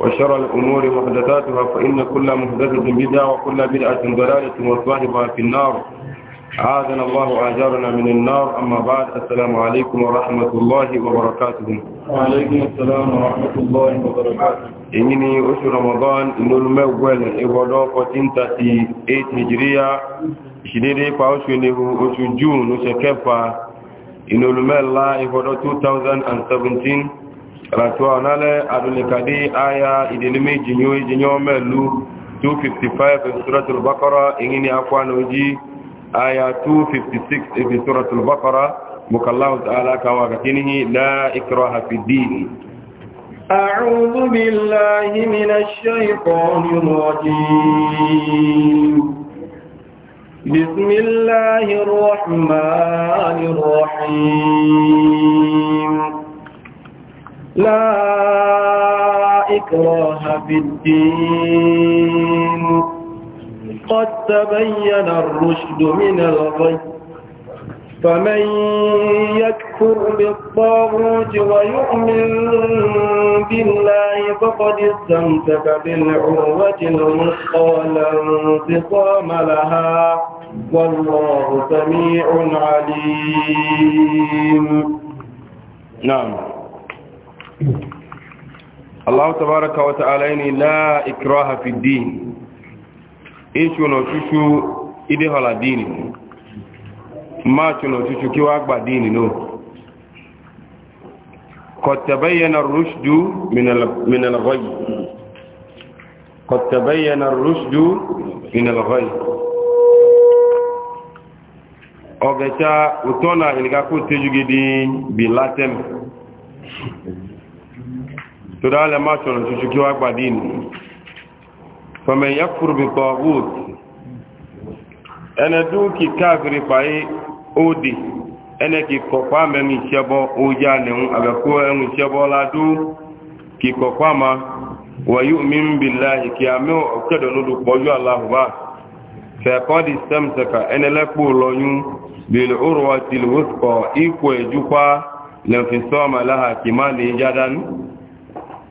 وشر الأمور محدثاتها فإن كل محدثة بدعة وكل بدعة ضلالة وصاحبها في النار عاذنا الله أجارنا من النار أما بعد السلام عليكم ورحمة الله وبركاته وعليكم السلام ورحمة الله وبركاته إنني أشهر رمضان إن الموال إغلاق في إيت هجرية شديدي فأشهره أشهر جون أشهر كفا إن الموال إغلاق 2017 ratuwa nale adunikadi aya idilimi jinyo jinyo melu 255 suratul baqara ingini akwano ji aya 256 fi suratul baqara mukallahu ta'ala kawa katinihi la ikraha fi din أعوذ بالله من الشيطان الرجيم بسم الله الرحمن الرحيم لا إكراه في الدين قد تبين الرشد من الغي فمن يكفر بالطاغوت ويؤمن بالله فقد استمسك بالعروة الوثقى لا انفصام لها والله سميع عليم نعم Allah tabaraka wa ta'ala ni la ikraha fi din ichu no chuchu ide hola dini ma chu no chuchu ki wa gba dini no qad tabayyana ar-rushdu min al-min al-ghay qad tabayyana ar-rushdu min al-ghay ogecha utona ilika ku bilatem turaa na-amachoro n'ususu kee waa gbaa di nnụnụ. fama ihe furubikpo wọs. ene duu kika agirifa ị ode ene kikọkwa ama enyi siebọ ọwụ ya n'enwuu agakwuo enyi siebọ la duu kikọkwa ama wọ iwu mi bila yi kia mee ọkụchadielu dụkpọ yọ alahụ gbaa. fekọọ disem seka ene lekpo ụlọ ọnyu dị n'ụrụ ọtịlịwụsụkọ ịkụ edukwa lefisọma alahakị ma lee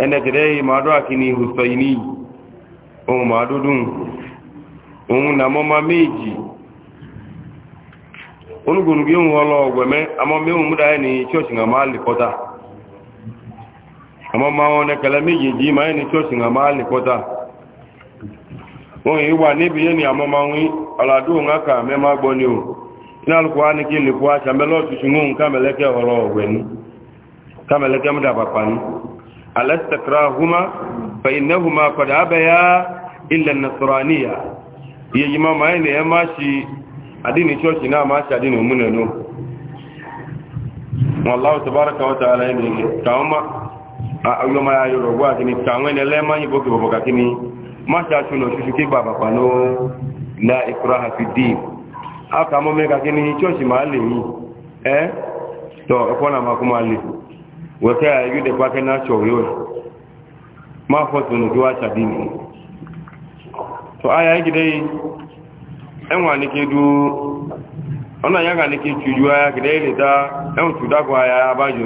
ẹnẹ̀kẹ̀dẹ́ ma dọ́ àkíní hùsọ̀yìní ohun ma dúdún ohun na mọ́ ma méjì onígbònúgbé ohun ọlọ ọgbẹ̀mẹ́ àmọ́ mẹ́hùn múdá ẹni ṣọ́ọ̀ṣì nga máa lè kọ́ta àmọ́ ma wọn nẹ́kẹ̀lẹ́ méjèèjì ma ẹni ṣọ́ọ̀ṣì nga máa lè kọ́ta wọ́n yìí wà níbi yẹn ni àmọ́ ma ń wí ọ̀làdó ohun aka mẹ́ ma gbọ́ ni o iná alùpùpù á ní kí lè kó aṣàmẹ́lọ́ tuntun ohun kámẹ́lẹ́kẹ́ ọ̀rọ̀ ọ̀gbẹ̀ni kámẹ́lẹ́kẹ́ múdà pàpà ni. على استكراهما فإنهما قد أبيا إلا النصرانية يجي ما ماين يا ماشي أديني شوشي نا ماشي أديني أمنا نو والله تبارك وتعالى يجي كاوما أيوما يا يروغوا كني كاوين لما يبوكي بوكا كني ماشي أشونو شوشي كي بابا فانو لا إكراه في الدين أكا مومي كني شوشي ما لي إيه تو أكونا ما كما لي wẹ́kẹ́ àyíjú dẹ̀ pàkẹ́ náà ṣọ̀rí ọ̀ máa fọ́sùn ní kí wá ṣàbí mi tó ayá gidẹ́ yìí ẹ̀wọ̀n ní kí dú ọ̀nà yága ní kí ṣùjú ayá gidẹ́ ilẹ̀ ta ẹ̀wọ̀n ṣù dákọ̀ ayá abájọ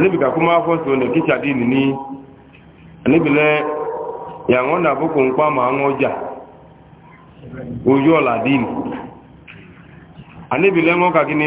yìí kó máa fọ́sùn ní kí ní yàwọn ń pa máa ń ọjà ojú wọn kàkí ni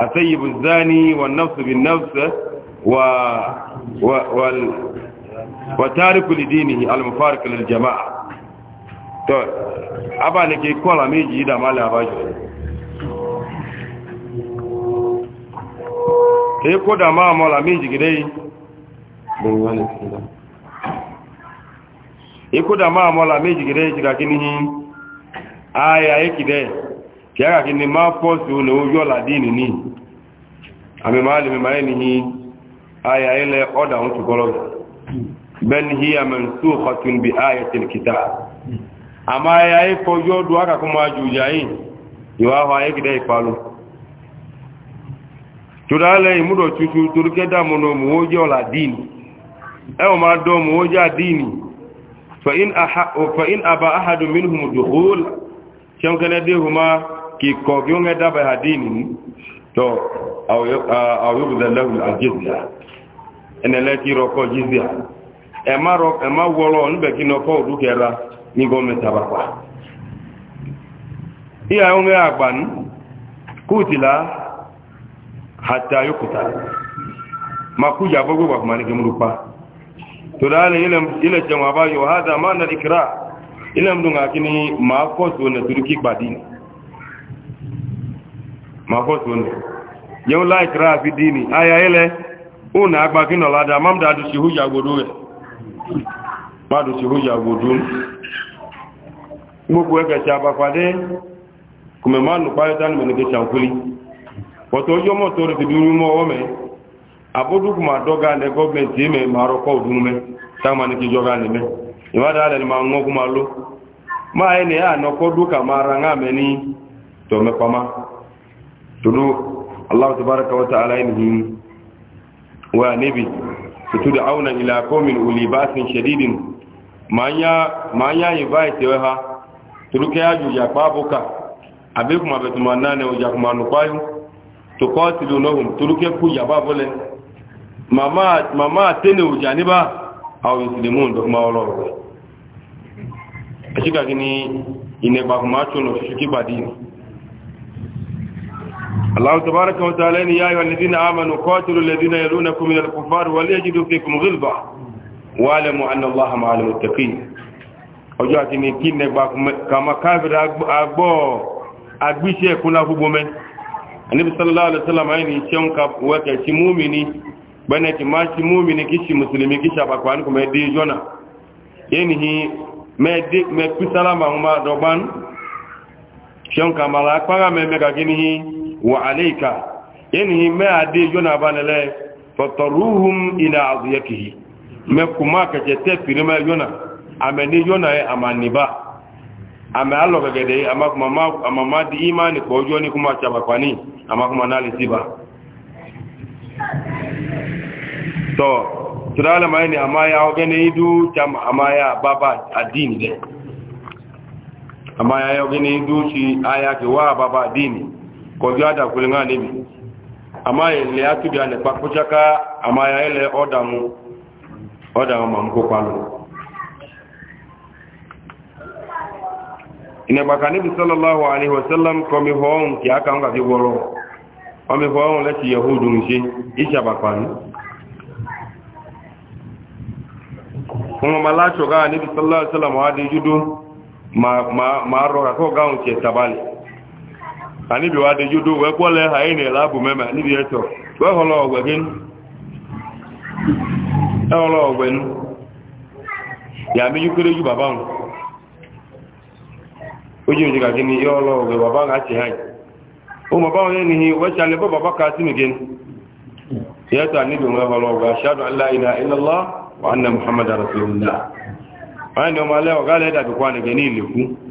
الثيب الزاني والنفس بالنفس و... و... وال... وتارك لدينه المفارق للجماعة طيب أبا نكي كولا ميجي إذا ما لها باجه هي كودا ما مولا ميجي كده هي كودا ما مولا ميجي كده كده كده آية كده kẹ́rà kí ni máa pọ́ sí olè ojú ọ̀là dínì ní àmì máa lè mẹ́màá ní ní ayà ilẹ̀ ọ̀dà ń tukọ́lọ́ bẹ́ni hí àmìn tó kọtún bí ayà tẹ̀lẹ̀ kìtà àmà ayà ìfọjú ọdún akàkọ́ máa jù yáyìn ìwà ahọ́ ayé kìdá ìfàlù tòdálẹ̀ ìmúdọ̀ tutù torúkẹ́dà mọ̀nà mọ̀wójú ọ̀là dínì ẹwọ máa dọ́ mọ̀wójú àdínì fẹ̀yìn àbá ahàdùn mínú kikɔ ki ŋa daba ha diini tɔ awo yɔ bɛ lɛwu a jizia ɛnɛ lɛ ti rɔ kɔ jizia ɛma rɔ ɛma wɔlɔ n bɛ nɔ kɔ o kɛra ni gɔmɛ taba kpa iya yɔ ŋa agban kuti la hata yɔ kuta ma ku jabɔ gbogbo kuma ni kemuru kpa to daa ni ilẹ jɛn wa ba yɔ hada ma na ikira ilẹ mu dun ka kini maa kɔ so turu ki gba diini ma fọ́ tó ní yẹun láìkìrá àfi dìní ayá ilẹ̀ ó nà agbá kí nà ládá má dàdù sí hújà gbòdó rẹ̀ má dù sí hújà gbòdó gbogbo ẹgbẹ̀ tí a bá padé kùmẹ̀ má nù páyọ́tá ní ìwádàá rẹ̀ ni má ń wọ́n kú má ló máa ẹni ẹ̀ ànọ́kọ́ dúkà má ra ń àmẹ́ ní tọ̀mẹ́pamá tulu Allah tabaraka wa ta'ala inhi wa nabi tud'auna ila qaumin uli ba'sin shadidin manya manya yibaite ha tuluke yaju ya babuka abe kuma betuma nane o jakuma nupayu tuqatilunhum tuluke ku ya babole mama mama tene ujaniba au yuslimun dokuma oloro ashika gini ine bakuma chono shikibadini الله تبارك وتعالى يا أيها الذين آمنوا قاتلوا الذين يلونكم من الكفار وليجدوا فيكم غلظة واعلموا أن الله مع المتقين ọjọ́ àti ní kí nẹgbà kàmà káàbìrì agbọ́ agbíṣẹ́ ẹ̀kún láfúgbó mẹ́ aníbisallá alẹ́sọ́lámà ní iṣẹ́ ń ka wẹ́kẹ̀ sí múmi ní gbẹ́nẹ̀ tí máa sí múmi ní kí sí mùsùlùmí kí sàpàpà ní kò mẹ́dé jọ́nà yẹ́nìí mẹ́kú sálámà ń máa dọ́gbán ṣe ń ka màlá pàrà mẹ́mẹ́ kàkí níhìn wa alayka yanhi ma ade jona banale fataruhum ila azyatihi me kuma ka jete firma jona amani jona e amani ba ama alo gede ama kuma ma ama ma di imani ko joni kuma chaba kwani ama kuma nali siba to tudala mai amaya ogene idu cham amaya baba adini de amaya ogene idu chi aya ke wa baba adini kọjú àdàkùnrin náà níbi àmá ilẹ̀ àtúbí ànẹ̀pá kúṣáká àmá ya ilẹ̀ ọ́dàmú ọ́dàmú ma ń kópa lọ ìnẹ̀gbàkà níbi sọ́lọ́láwọ̀ àríwọ̀sẹ́lẹ́m kọmi họ́ọ̀hún kí á kàn kàfi wọ́rọ̀ ọmọ họ́ọ̀hún lẹ́tì yahudu ń ṣe ìṣàbàpàní ọmọ maláṣọ̀gá níbi sọ́lọ́láwọ̀ àdíjúdó ma rọ̀ kàkọ́ gáhùn tẹ̀ tàbálẹ̀ anibi wa de judo we ko le ha ine la bu meme anibi eto we holo ogwe ya mi yukere ju baba nu oji oji ka gini e holo ogwe baba nga che hai o mo ba won ni we baba ka ti mi gin ya ta anibi we holo ogwe ashhadu an la ilaha illa wa anna muhammad rasulullah ani o ma ala o ga le gị niile kwa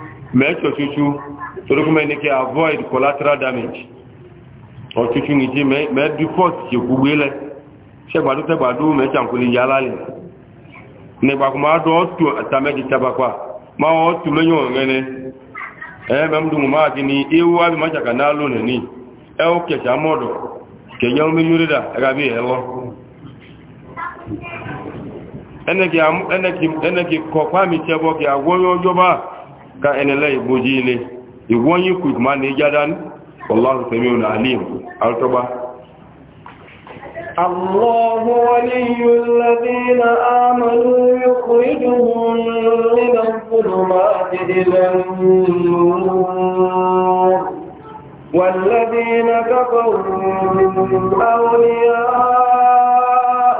mẹ́ẹ̀tọ́ ṣúṣú torókún mẹ́ni n'ake avoid collateral damage ọ̀ṣúṣú ní tí mẹ́ẹ̀dú first ṣe gbogbo ilẹ̀ ṣẹgbàdú tẹgbàdú mẹ́ẹ̀tàkù lè yá lálẹ̀ nígbàkùn máa dọ́ ọ̀tù àtàmẹ́jì tabakwa máa ọ̀tù mẹ́yìn ebe ẹ̀ẹ́mẹ́mdùn ma ti iwu ewu àbí májàkà náà lónìí ní ẹ ó kẹ̀ṣà ka enele iboji ile igwonyi kwik ma na ijadan wallahu samiun alim altoba الله ولي الذين آمنوا يخرجهم من الظلمات إلى النور والذين كفروا أولياءهم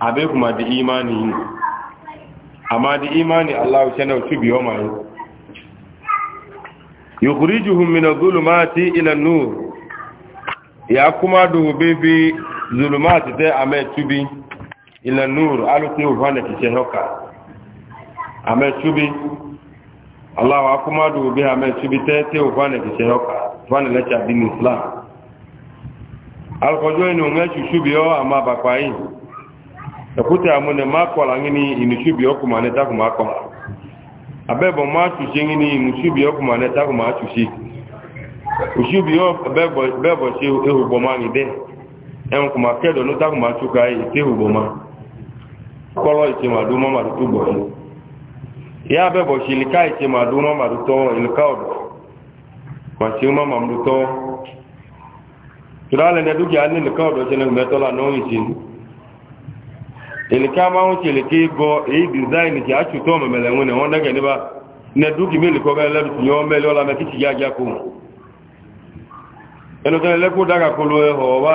abe kuma da imani ne amma da imani Allah ya sanar su biyo mai yukhrijuhum min adh-dhulumati ila an-nur ya kuma dube bi zulumati ta ame tubi ila an-nur aluti ufana kishe hoka ame tubi Allah wa kuma dube ame tubi ta ta ufana kishe hoka ufana la cha din islam alkojo inu ngashu shubiyo ama bakwaini ekwute amụ na ma kọla ngini inuchubi ọkụ ma neta kụ akọ abebo ma achụchi ọkụ ma neta kụ achụchi uchubi ehugboma ma kedo nụta ite ehugboma kọlọ iche ma dụ ụbọchị ya ilika iche ma dụ ilika ọdụ ma chi ma tụrụ na ilika ọdụ eleke amanwụ che eleke ịgọ eyi dizaịn ka a chụta omemele na ọ naghị enebe nne duki meli ka ọ gaelebe tinye omeli ọla maka ichi ya aja kwụ mu elekwa dagakwụlụ ịhọ ọwa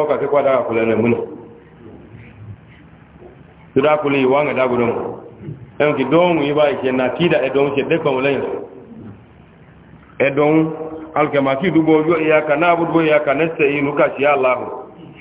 ọka kekwa dagakwụlụ ene nwene tụrụ akwụlụ iwu aṅụ dọọ na kida edonwu che dekpa nwere ya edonwu alụkama kidugbo ya ka na-abụdugbo ya aka na-ese ala ahụ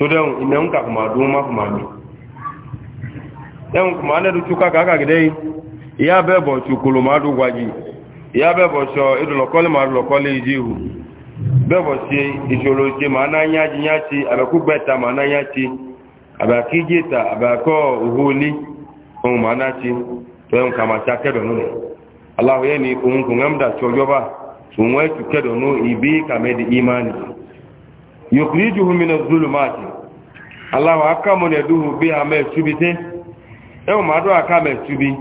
to dan ina ka kuma du kuma mi dan kuma na du ka ka gidai ya be bo chukulu ma du gwaji ya be bo so idu lokole ma lokole jihu be bo si isolo ma na nya ji nya ti abe ku beta ma na nya ti abe kijita abe ko uhuli on ma na ti to en kama ta ke do nune allah yani kun kun chojoba sunwe ibi yukhrijuhu min adh-dhulumati Allahu akamu yaduhu biha ma yasubite e o madu aka ma yasubi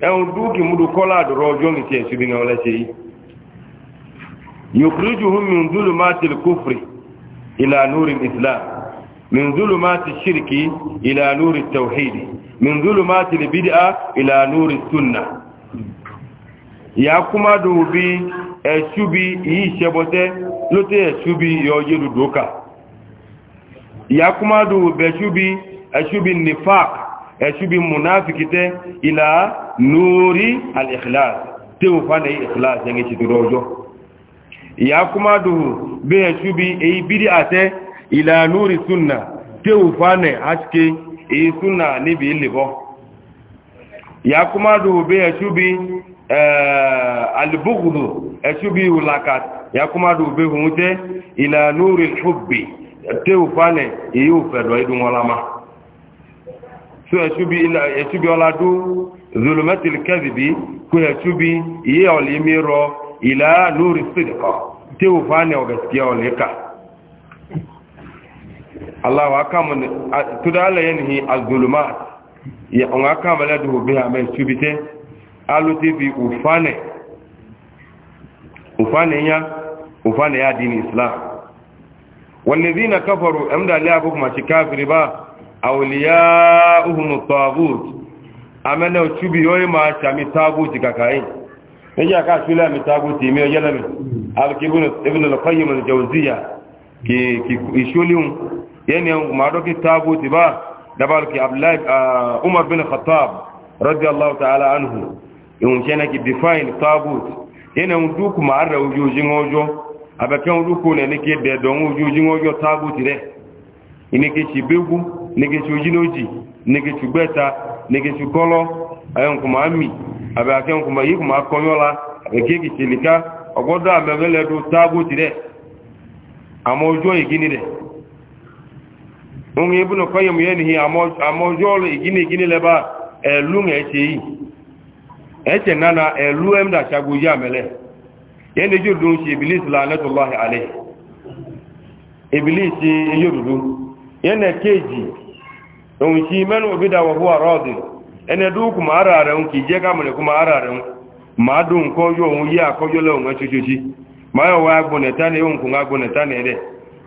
e o duki mudu kola do rojo ni ti yasubi na ole sei yukhrijuhu min dhulumati al-kufri ila nuri al-islam min dhulumati ash-shirki ila nuri at min dhulumati al-bid'a ila nuri as ya kuma dubi e asubi yi shebote lóte ẹ̀ṣúbi yọye dùdókà ìyàkúmádù bẹ̀ṣúbi ẹ̀ṣúbi nifak ẹ̀ṣúbi munafikite ìlà nórí al-ikhlas tí ó fánà ikhlas yẹn ti tó rọjọ́ ìyàkúmádù bẹ̀ṣúbi èyí bídí àtẹ́ ìlà nórí súnà tí ó fánà áṣíké èyí súnà níbi ìlébọ́ ìyàkúmádù bẹ̀ṣúbi ẹ̀ṣúbí ìwòlàkà yakúmádù òbí hùn tẹ́ ìlà lórí ṣùgbì tẹ́ òfánẹ̀ èyí òfẹ̀dọ̀ ìdún wọn lámá so ẹ̀ṣúbí ọládú zolometil kẹ́zìbí kú ẹ̀ṣúbí iye ọ̀lẹ́ mẹ́rọ ìlà lórí sídìkọ tẹ́ òfánẹ̀ ọ̀gẹ̀sìkẹ́ ọ̀lẹ́ ni azolomat ọ̀n akáàmù lẹ́dùn òbí àmẹ́ ẹ̀ṣúbí tẹ́ alótẹ́bí òfánẹ̀ ufane ya ufane ya dini islam walladhina kafaru amda la hukuma kafiri ba awliya'uhum at-taghut amana uchubi yoy ma chami taguti kakai nija ka shule mi taguti mi yele mi al-kibun ibn al-qayyim al-jawziya ki ki ishuli yani ma doki taguti ba dabal ki abdullah ah, umar bin khattab radiyallahu ta'ala anhu yun chena define taguti ina duku ma arra ujujin ojo abakan duku ne nake da don ujujin ojo tagu tire ina ke ci begu nake ci ujinoji nake ci beta nake ci kolo ayon kuma ammi abakan kuma yi kuma konyola ake ki ogodo amebele du tagu tire ama ojo igini de ibnu qayyim igini igini leba e ẹ̀tẹ̀ nana elu ẹ̀mdà ṣagbójá mẹ́lẹ̀ yẹn ni yóò dún sí ibilis lánàtọ́láhì alẹ́ ibilis yóò dúdú yẹn na kéèjì òun sí mẹ́nu òbídà wọ̀hú àrọ́ọ̀dì ẹni dúkù ma ara rẹ̀ ń kì í jẹ́ kámọ̀lẹ̀ ara rẹ̀ ń ma dùn kọjọ́ òun yí àkọjọ́ lẹ́wọ̀n ẹ̀ṣoṣoṣi ma yọ wá agbọ̀nẹ̀tá ni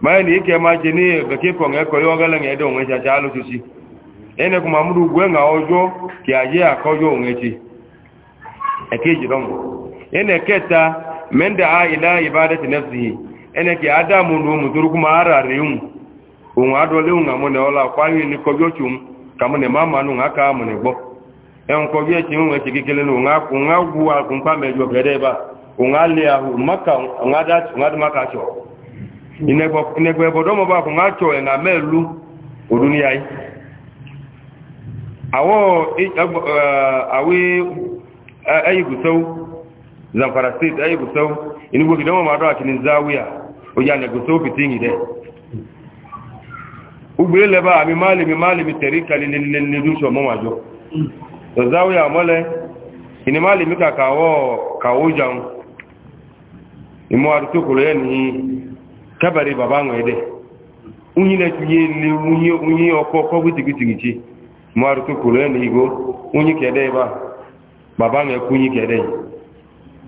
ma ike ma je na e ma ẹ̀kejì lọ́mù ẹnẹ kẹta mẹ́ndà á ilá ìbádẹ́ ti nẹ́fì yìí ẹnẹ kí ádámù ní ohun tó rúkú máa rà ríhùn ohun adọ́léhùn chum ọlá kwáyé ní kọjọ́ tí ó ń kàmúnẹ̀ máa mánú àká àmúnẹ̀ gbọ́ ẹn kọjọ́ tí ó ń ẹ̀ṣẹ̀ kékeré ní ohun agwu akùnpá mẹ́jọ gẹ́dẹ́ bá ohun alẹ́ ahù maka ohun adámaka sọ ìnẹgbẹ́ bọ́dọ́mọ́ bá kùn àtsọ ẹ̀ nà mẹ́lú òdúnìyà yìí àwọ̀ àwẹ́ ayi gusau zamfara state ayi gusau ini gogi don ma do akini zawiya o ya ne gusau fitingi de ugbe le ba mi mali mi mali mi terika li li li du so mo ma jo to zawiya mole ini mali ka kawo kawo jan imo arto ko le ni kabari baba ngo ede unyi na tuye ni unyi unyi oko ko bitigi tigi chi mo arto ni go unyi kede ba baba ŋa kunyi kɛ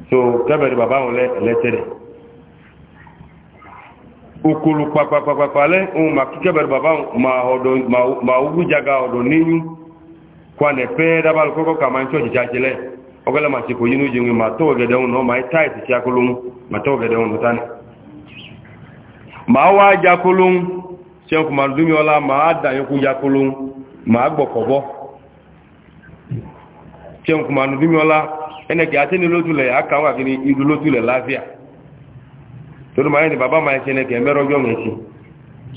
so kɛbɛri baba ŋa lɛ lɛtɛrɛ ukulu kpakpakpakpa lɛ ŋun ma kɛbɛri baba ma ɔdɔ ma ma ugu jaga ɔdɔ ninyu kwanɛ pɛɛ dabali kɔkɔ kama ŋtsɔ tsitsi lɛ ɔkɛlɛ ma yinu ma tɔw gɛdɛ ma yi taayi tsi ma tɔw gɛdɛ tani ma wa dza kolo kuma la ma da dza ma gbɔ kɔbɔ. tiɛn kuma nu dumuni la ɛnɛ kɛ ase ni lotu lɛ a kan kini idu lotu lɛ lafiya toro maa yi ni baba maa yi sɛnɛ kɛ mɛrɛ jɔn mɛ si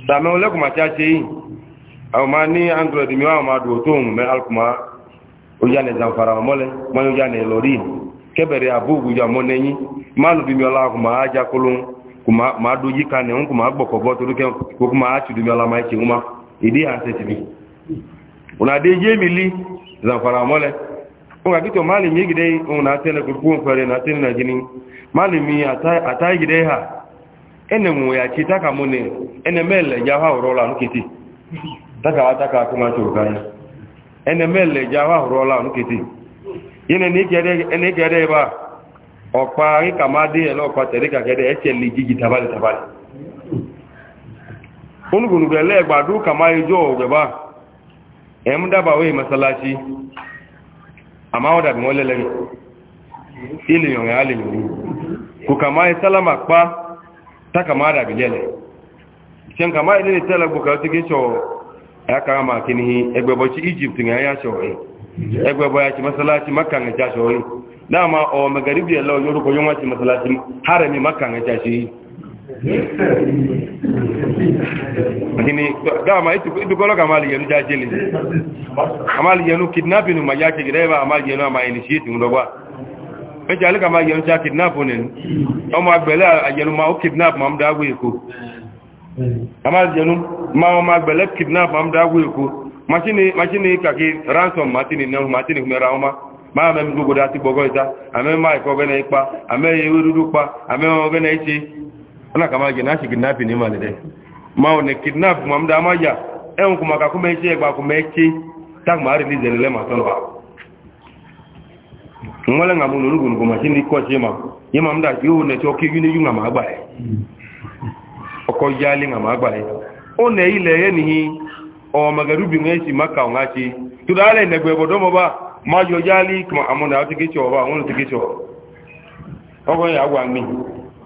samɛ o lɛ kuma ca se yi awo maa ni angulɔ dimi awo maa do o tó ŋun mɛ ali kuma o ya ne zanfara o mɔlɛ maa yi ne lɔri kɛbɛrɛ a b'o mɔ nɛyi maa nu dumuni la kuma a ja kolon kuma maa do yi kan ne ŋun kuma a gbɔ toro kɛ ko kuma a ti dumuni la maa yi ma ìdí yà ń sɛ li zanfara nga kito malami yi gidai na tana kurkuwan na tana na gini malami a ta ha ene mu ya ce taka ne ene mele ya ha rola nuke taka wa taka kuma ce rukaya ene mele ya ha rola nuke ti yana ne gere ba ọpa rika ma dé ẹ̀lọ́ ọpa tẹ̀ríkà gẹ́dẹ̀ ẹ̀ṣẹ̀ lè jíjì tabali tabali onugbùnugbẹ̀ lẹ́ẹ̀gbàdú kàmá ijó ọ̀gbẹ̀bá ẹ̀mú dábàwé masalasi amma wadda bin wale lari iliyon ya alimin ku kama yi salama kpa ta kama da bilele can kama ile ne tala buka cikin shawo ya kama makini egbebochi egypt ya ya shawo egbebo ya ci masalaci makan ya shawo dama o magharibi ya lau yoruko yunwa ci masalaci harami makan ya shawo lakini dama idukolo ka amali yenu jajeli amali yenu kidnapping ma ya ke greba amali yenu ma initiate ngogwa meje alika ma yenu ja kidnap onen omo agbele ayenu ma o kidnap ma mda gwe ko amali yenu ma o ma agbele kidnap ma mda gwe ko machine machine ka ki ransom machine ne machine kumera oma ma me mdugo dati bogoita ame ma ko gene ipa ame yewu dudu pa ame o gene ichi ana kama gina shi kidnapping ne mali dai ma wani kidnap ma mda ma ya en eh, kuma ka kuma yace ba kuma yace tak ma release ne le ma ton ba ngwala ngamu no lugun kuma shi ni ko shi ma ye ma mda yo ne to ki yuni yunga ma gba e oko yali nga ma gba e o ne ile ye ni o magarubi ngai si maka ngati to dale ne gbe bodomo ba ma yo yali kuma amona atike cho ba won tike cho ogo ya gwa mi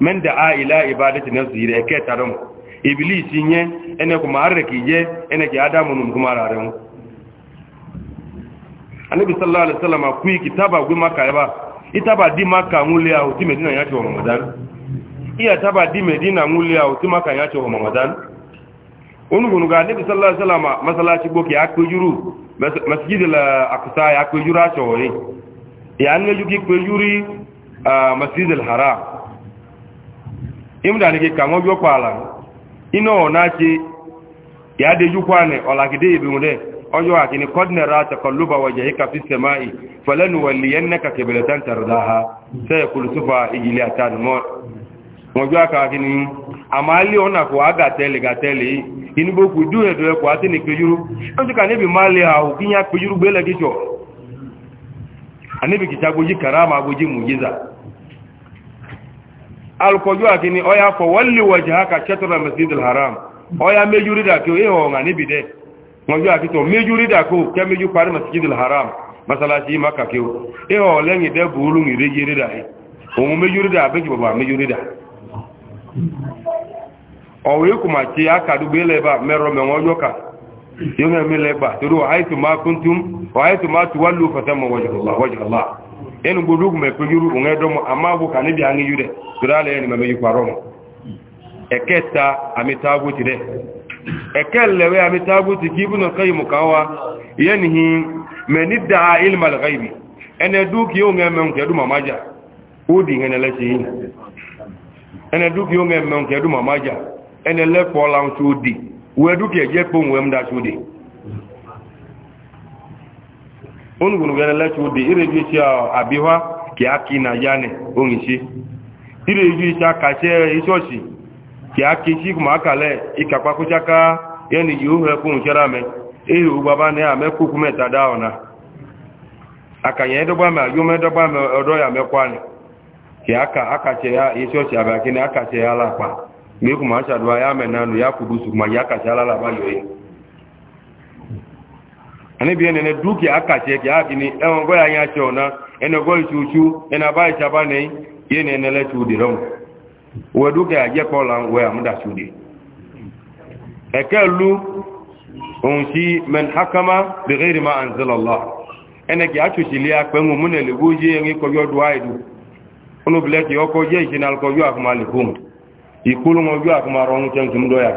من دعا إلى عبادة نفسه رأيك ترم إبليس ينه أنك معرك يجي أنك آدم ونمكم عرارهم النبي صلى الله عليه وسلم كوي كتابة ومكة يبا إتابة دي مكة مولي أو تي مدينة يأتي رمضان إيه تابة دي مدينة مولي أو تي مكة يأتي رمضان onugun ga nabi sallallahu alaihi wasallam masallaci boke ya kojuru masjid al-aqsa ya kojura chawai ya an ne yuki kojuri masjid al-haram imdani ke kango jo kwala ino na ci ya de ju kwane ola gide ibi mude ojo akini kodne ra taqalluba wajhika fi samai falan waliyannaka qiblatan tardaha sayakul sufa ijlatan amali ona ko aga tele ga tele inu boku du edo e ko ati ni kejuru ojo ka nebi mali ha alkojua kini oya fo walli wajhaka shatra masjidil haram oya mejuri da ko eho nga nibi de ngojua ki to mejuri da ko ke meju par masjidil haram masalaji makka ke eho lengi de bulu ngi rejiri da e o mu mejuri da be ki baba mejuri da o we kuma ti aka du bele ba mero me ngojo ka yonga mele ba turu haitu ma kuntum wa haitu ma tuwallu fatamma wajhullah wajhullah enu gbodu kuma ekwe yuru unge domo amagu kanibi angi yude turale eni mame yukwaromo eketa amitaguti de ekellewe amitaguti kibuna kayimu kawa yenhi menidda ilma alghaibi ene duki unge duma maja udi ngene lechi ene duki duma maja ene lepo launchu udi weduki mda chudi onugunu gɛrɛ lɛ tso de ire ju tsi abiwa kia ki na ya nɛ oŋi tsi ire ju tsi akatsɛ itsɔtsi kia ki tsi kuma aka lɛ ikakpa kutsaka yɛni yewo hɛ ko ŋutsɛ la mɛ eye wo gbaba nɛ amɛ kuku mɛ ya mɛ kɔani kia ya itsɔtsi abakini akatsɛ ya ya mɛ nanu ya kudu su kuma ya akatsɛ ala la ba na bi ne duki akache ki akini e eh, go ya nya chona ene go ichuchu ene bai chabane yene ene le chudi ron we duki aje kola we amuda chudi ekelu onsi men hakama bi ghairi ma anzala allah ene ki achu chili apengu munele guji yengi ko yodu je jinal ko yo ikulu yo do ya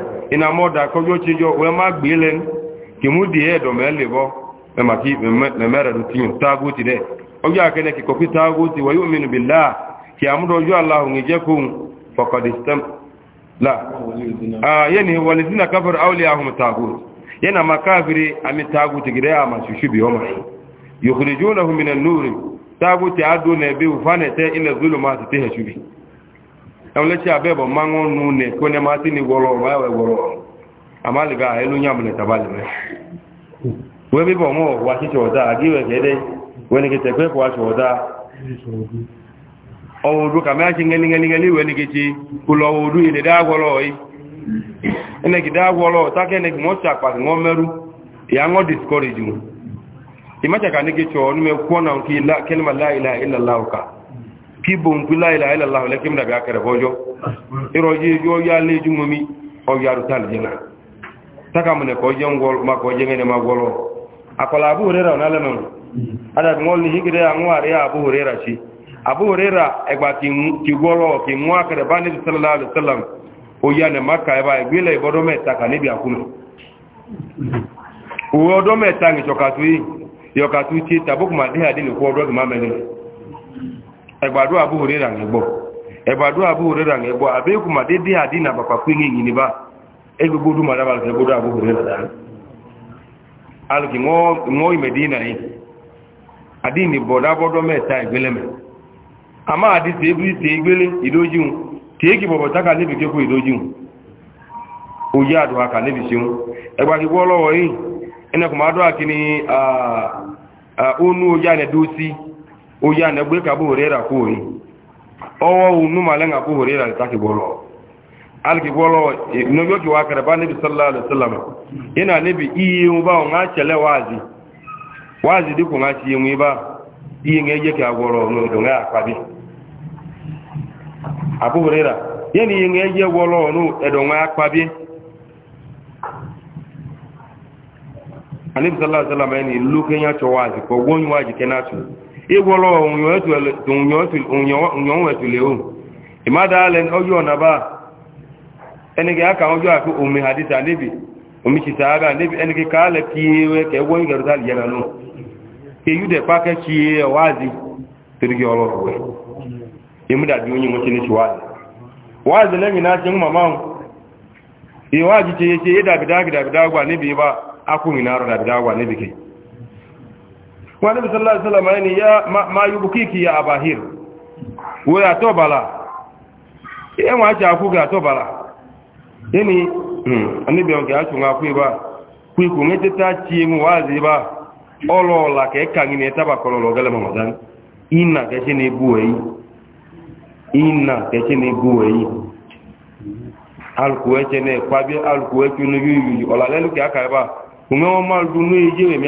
ina mọ́dà kọjọ́ tí yọ wẹ́ má gbé lẹ́n kì mú di ẹ̀dọ̀ mẹ́lẹ̀ bọ́ mẹ́màkí mẹ́mẹ́rẹ̀ tó tíyàn tágó ti dẹ̀ ọjọ́ akẹ́lẹ̀ kì kọfí tágó ti wọ́yọ́ mẹ́nu bí láà kì àmúdọ̀jọ́ aláhùn ìjẹ́ kóhun fọkàdé stem la yẹn ni wọlé sínú akáfẹ́rẹ́ áwọlé ahùn tágó yẹn na makáfẹ́rẹ́ àmì tágó ti gẹ̀rẹ́ àmà ṣùṣù bí ọmọ yòkùnrin jóná ẹ̀wọ̀lẹ́tí abẹ́bọ̀ máa ń nù nẹ̀ kó ní máa tí ní wọ́rọ̀ ọ̀rọ̀ ẹ̀wọ̀rọ̀ àmàlìgá ẹlú yàmùlẹ̀ tàbálì rẹ̀ wọ́n bíbọ̀ mọ́ wà sí ṣọ̀dá àgíwẹ̀kẹ́dẹ́ wọ́n ni kí tẹ̀pẹ́ pọ̀ ṣọ̀dá ọwọ́ odó kàmẹ́ àti ngẹ́ningẹ́ningẹ́ni wọ́n ni kí ti kúlọ̀ ọwọ́ odó ilẹ̀ dáwọ́lọ́ yìí ẹnẹ́kì dáwọ́lọ́ tákẹ́ ẹnẹ́kì wọ́n ti àpàtì wọ́n mẹ́rú ìyá wọ́n discourage wọn ìmọ̀ṣàkà ní kí ṣọ̀ ọ́nùmẹ́kú ọ̀nà kí kẹ́lẹ́mà láìláì ìlàláwọ̀ká kíbo ń pín láìlà ìlàláwọ̀ lẹ́kí mìíràbí akẹrẹ̀fọ́ ọjọ́ ìrọ̀yí yóò yá lé jùmọ́ mi ọjọ́ àrùtà lìjìnà tákàmùnẹ̀ kọ́ jẹ́ makọ̀ jẹ́ ẹni ma wọ́lọ́ àkọlà àbúhòrérà ọ̀nà lẹ́mọ̀ adàbí wọ́n lè hígidẹ́ àwọn àríyá àbúhòrérà sí àbúhòrérà ẹgbà ti wọ́lọ́ kì mú akẹrẹ bá níbi sallallahu alaihi wasallam ó yá ní maka ẹba ìgbélẹ̀ ìbọ́dọ́ mẹ́ta kà níbi àkúnmọ̀ òwò ọdọ́ mẹ́ta ní ìjọkàtú yìí ìjọkàtú tí tàbókùmá díhàdínlẹ̀kú ọdọ́ ìmámẹ́lẹ́ ẹgbàdo àbúrò rẹ̀ ràn ẹgbọ́ ẹgbàdo àbúrò rẹ̀ ràn ẹgbọ́ àbẹ́kùnmà dédé àdínà bàbá pé ní ìyìn níbà ẹgbẹ́gbó dùn màdá balùwẹ̀ ẹgbọ́dọ̀ àbúrò rẹ̀ ràn dáná. alùpùpù ńwọ́ ìmẹ̀dínà yìí àdínì bọ̀dábọ́dọ́ mẹ́ta ìgbélẹ̀mẹ̀ àmọ́ àdí tèébí tèégbélé ìdójúun tèékì bọ̀bọ̀ tákà níbi kékò ìdójúun òye àdùn àkà níbi ṣeun ẹgbà kíkọ́ ọlọ́wọ́ yìí oyi a ka bụ horera kwụ oyi ọwọ unu male nga kwụ horera ta ki bolo alki bolo no yoki wa karaba nabi sallallahu alaihi wasallam ina nabi iye mu ba nga chele wazi wazi nga mu ba iye nga ka goro no do nga kwabi abu horera no edo nga sallallahu alaihi wasallam ni lukenya igwọrọ onyo wetule o imada alen ojo na ba enige aka ojo aku umi hadisa nibi umi chitaga nibi enige kale kiwe ke won garuta yana ke yude pake wazi tirgi oloro imuda wazi na chin mama iwaji chi chi ida bidagida bidagwa nibi ba da bidagwa nibi ke wọn níbi sọ́lá ìsọ́lá máa ní yá máa yóò kíkì ya àbáhìr wòye àtọ́bàlá ẹwọ́n àti àkúgà àtọ́bàlá yẹni níbi ọ̀gẹ̀ àtúnwà kú ibá kú ikú ní títà tí mú wá sí ibá ọlọ́ọ̀lá kẹ́kà ní ẹ̀tàbà kọlọ̀lọ̀ gẹ́lẹ̀ mọ̀mọ̀dán ìnà kẹ́ṣẹ́ ní ibú ẹ̀yí ìnà kẹ́ṣẹ́ ní ibú ẹ̀yí alùkùwẹ́ṣẹ́ ní ẹ̀pàbí alùkùwẹ́ṣẹ́ ní yóò yìí ọ̀làlẹ́lùkẹ́ àkàrẹ́bà òun wọ́n máa dún ní ìjẹ́wẹ̀mí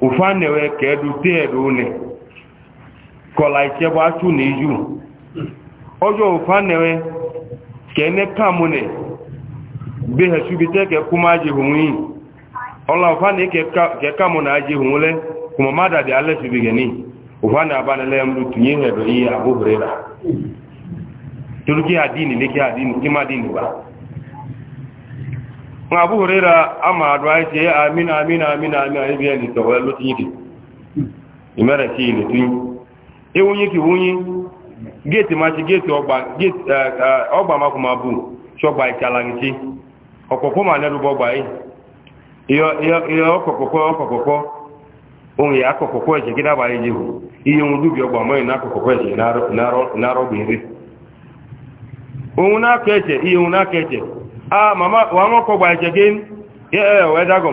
ufanewe kedu teedu ne kola ichebo achu ni ju ojo ufanewe kene kamune behe subite ke kuma ji hunwi ola ufane ke ka ke kamuna ji kuma mada ufane adini adini kima adini nga abu hurera ama advice ye amina amina amina amina ibi ya lito wa lo tiki imara ki e wunyi ki wunyi ma ti gate ogba gate eh, eh, ogba ma ku bu shogba ma na rubo gba yi iyo iyo iyo okoko okoko ohun ya akokoko gida ba hu ogba na ro na ro na a ah, mama wa nwoke gba ike gị ee wee dago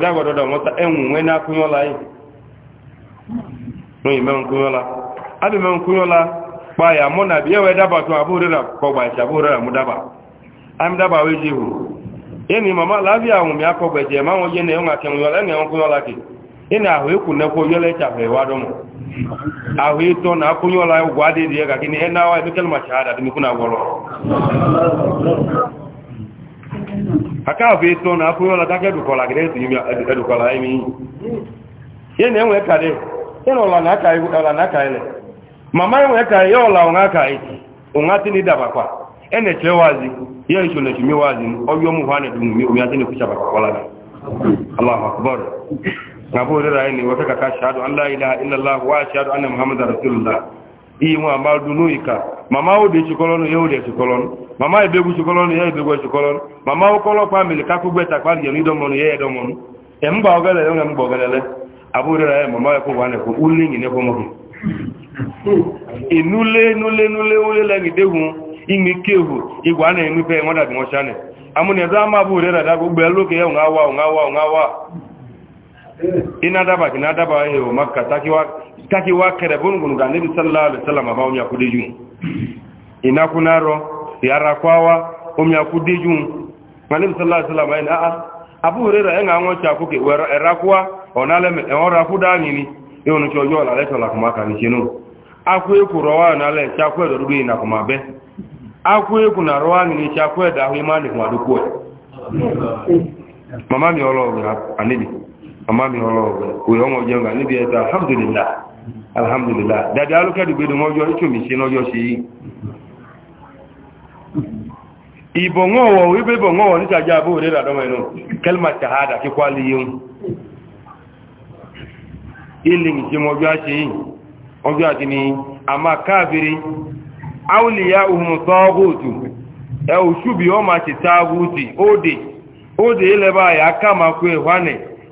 dago dọdọ mụta na akwụnye ụla anyị n'oyi mee ya mụ na bịa wee daba tụ abụ rịra kọgba ike abụ rịra mụ daba daba wee ji hụ ya ni mama labi ahụ ya kọgba ike ma na-enwe akenwu ụla ị na-ahụ ekwu nekwu onye lechafe wado m ahụ ịtọ na akwụnye ọla ụgwọ adịghị ya ka gị ihe na-awa emekele macha ada na gwọrọ aka ahụ ịtọ na akwụnye ọla taka edukọla gị edukọla ime ihe na-enwe ọla na aka ile mama enwe ka ya ọla ụnha ka ụnha na a na na gị akbar abu rira ne wata kaka shahadu an la'ila illallah wa shahadu anna muhammadu rasulullah iyi wọn ma dunu ika mama o de chukolonu yau de chukolonu mama ibegu chukolonu mama o kolo pa mili kaku gbeta e mba e abu ya mama ya kowa ne ko ne ko inule nule nule ule la ni dehu imi na da bi won chane amune za ma abu rira da gbo eloke yau ina daba ina daba yau eh, makka taki wa kere bungun ga nabi sallallahu alaihi wasallam ba umya kudiju ina kunaro yara kwawa umya kudiju nabi sallallahu alaihi wasallam ina a ah, abu hurera en anwo cha kuke wera erakwa onale me e ora kuda nini yonu chojo la leto la kuma kan chinu aku eku rowa onale cha kwedo rudu ina kuma be aku eku na rowa nini cha kwedo ahimani kwa dukwe mama mi olo ani amami ọlọ́ọ̀gbẹ̀ òyọ́ ọmọ jẹun gà níbi ẹgbẹ̀ alhamdulillah alhamdulillah dàdí alókẹ́dùgbèdè mọ́jọ́ ìtòmì sí lọ́jọ́ sí yìí wípé ìbọ̀ngọ́wọ̀ ní sàjá ni a ẹ̀ òṣùbì ọmọ ó dè ilẹ̀ báyà ká kú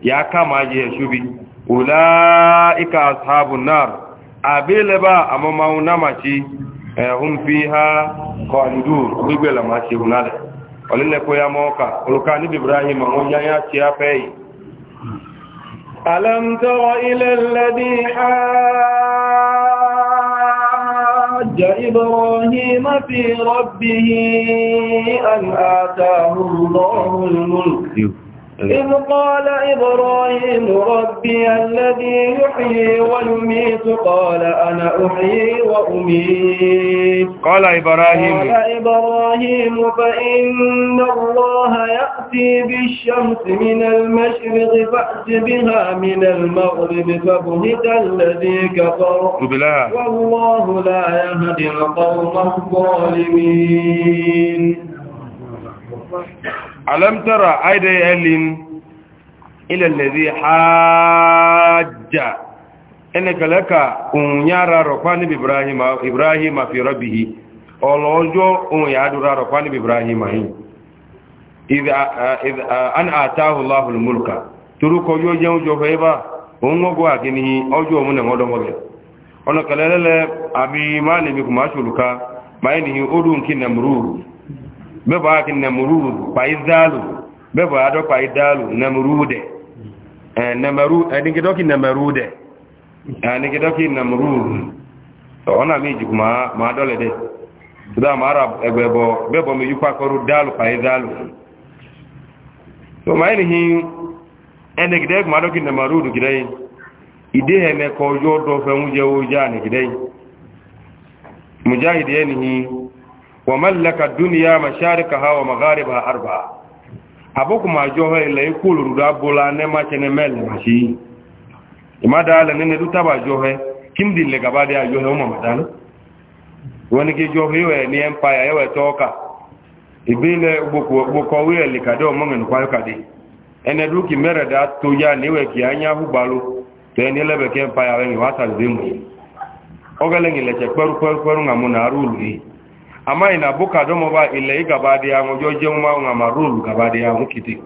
ya kama je shubi ulaika ashabun nar abile ba amama unamachi eh, hum fiha qalidun bigwe la machi unale olile ko ya moka ulukani ibrahim onya ya ti apei alam tara ila alladhi حج إبراهيم في ربه أن آتاه الله الملك إذ قال إبراهيم ربي الذي يحيي ويميت قال أنا أحيي وأميت قال إبراهيم قال إبراهيم فإن الله يأتي بالشمس من المشرق فأت بها من المغرب فبهت الذي كفر والله لا يهدي القوم الظالمين alam tara aida yalin ila alladhi hajja enaka laka unyara rokwani ibrahim ibrahim fi rabbih olojo unyadura rokwani ibrahim hi idha idha an ataahu Allahul mulka turuko yo jewjo feba ungogo akini ojo mun ngodo ngobe ono kalele abi mani bi kuma shuluka mayni urun kinamruru bẹ́bọ̀ ákí nàmúrúrù pàídàlù bẹ́bọ̀ adọ́ pàídàlù nàmúrúdẹ̀ ẹnigidọ́kì nàmúrúdẹ̀ ẹnigidọ́kì nàmúrúrù ọ̀nà méjì kù máa dọ́lẹ̀ dẹ̀ tọ́dá máa rà ẹgbẹ̀bọ̀ bẹ́bọ̀ mi yípa kọrú dàlù pàídàlù so máa ní hin ẹnigidẹ́ gbọ́dọ́kì nàmúrúrù gidẹ́ ìdí ẹ̀mẹ́kọ̀ ọjọ́ dọ́fẹ́ oúnjẹ oúnjẹ ni وملك الدنيا مشارقها ومغاربها أربعة أبوكم أجوها إلا يقول رب لا نما تنمل ماشي إما دالا نندو تبا جوها كم دين لقبادي أجوها وما مدانا ونكي جوها يوه ني أمبايا يوه توكا ibile gbokowe elikade omongenu kwayokade ene duki mere da toya niwe ki anya hubalo lebe ke empire wengi wata zemu ogele ngile kweru kweru kweru ngamuna arulu hii amma ina buka domo ba ilai gaba da yawon jojen ma'un a marul gaba da yawon kiti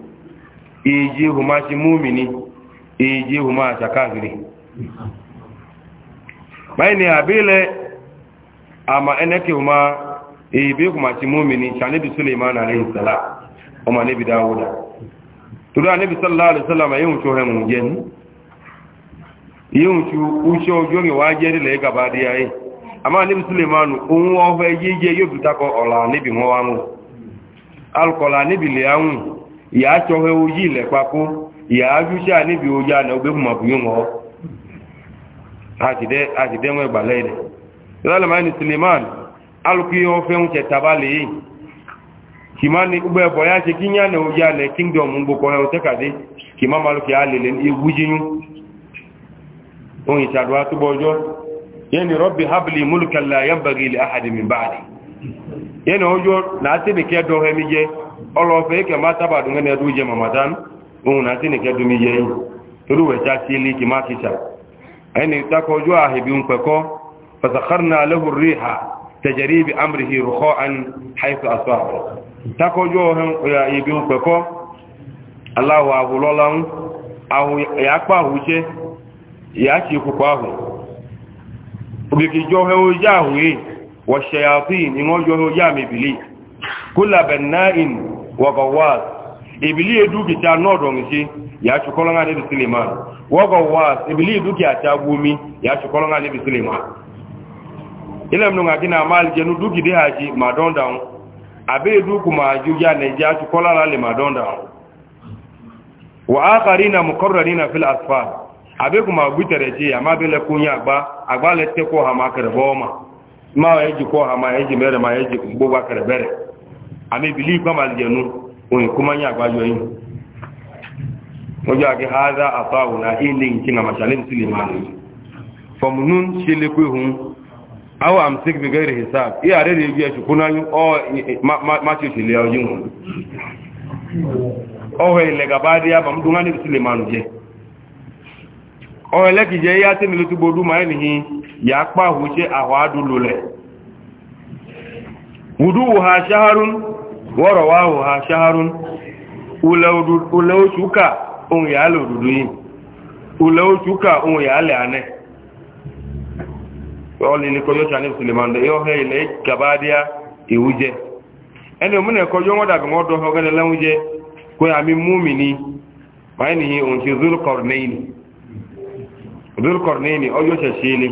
iji huma shi mumini iji huma ta kafiri bai ne abile amma enake huma ibi kuma shi mumini shanibi suleiman alaihi salam kuma nabi dawuda turu anabi sallallahu alaihi wasallam yin wuce hen mu yin wuce wuce ojo ne waje da gaba da yayi eh. ama níbi sulemanu ohun ọfẹ́ yíyẹ yóò fi takọ ọ̀la níbi wọn wá mú alkọ̀la níbi lè áhùn ìyá aṣọ́fẹ́ ojí ilẹ̀ papó ìyá ajúṣà níbi ojá náà gbé fún màbúyó wọn àtìdẹ́wọ̀n ìgbàlẹ̀ ilẹ̀ ìlàlẹ̀má ní sulemanu alùpí ọfẹ́ ń yani rabbi habli mulkan la yanbaghi li ahadin min ba'di yani ojo na tini ke do hemi je olo fe ke ma taba du ngene du je mamadan un na tini ke du mi je turu we ta tili ki ma ki ta yani ta ko jo ahibi un pe ko fasakharna ogege johe o yahwe wa shayatin ngo johe ya mebili kula banna'in wa gawaz ibili edu ki ta nodo ngi ya chukola nga ne suleiman wa gawaz ibili edu ki ata gumi ya chukola nga ne suleiman ile mnu nga kina amal je nu duki de haji fil asfar a gbutere ji ya mabelekwa onye agba agba letekwa ọha ma kerebe ọma ma ejikwa ọha ma eji mere ma eji mgbe gwa ami amebili ikwa maligenu onye kumanya agba yo ihu ha àgé haza àfáwò na ilé nke na mashalin sulemani fọmùnún ṣe lékwé hun amsik hisab ọ ya hun ọwọ́ ilẹ̀ gabadiyar bamdunga ní ọ̀rẹ́lẹ́kìjẹ́ yá tí nílò tí gbogbo ma ẹni yà pa hùṣẹ́ àwọ̀ adúlù rẹ̀ wùdú wùhà ṣáharún wọ́rọ̀wá wùhà ṣáharún ulẹ̀ oṣùkà ohun yà lè òdùdú yìí ulẹ̀ oṣùkà ohun yà lè yóò jẹ wọ́n dàbí wọ́n dọ́ kó yà mí ní ma ẹni yìí òun ti zúrù dul kornini o yo shashili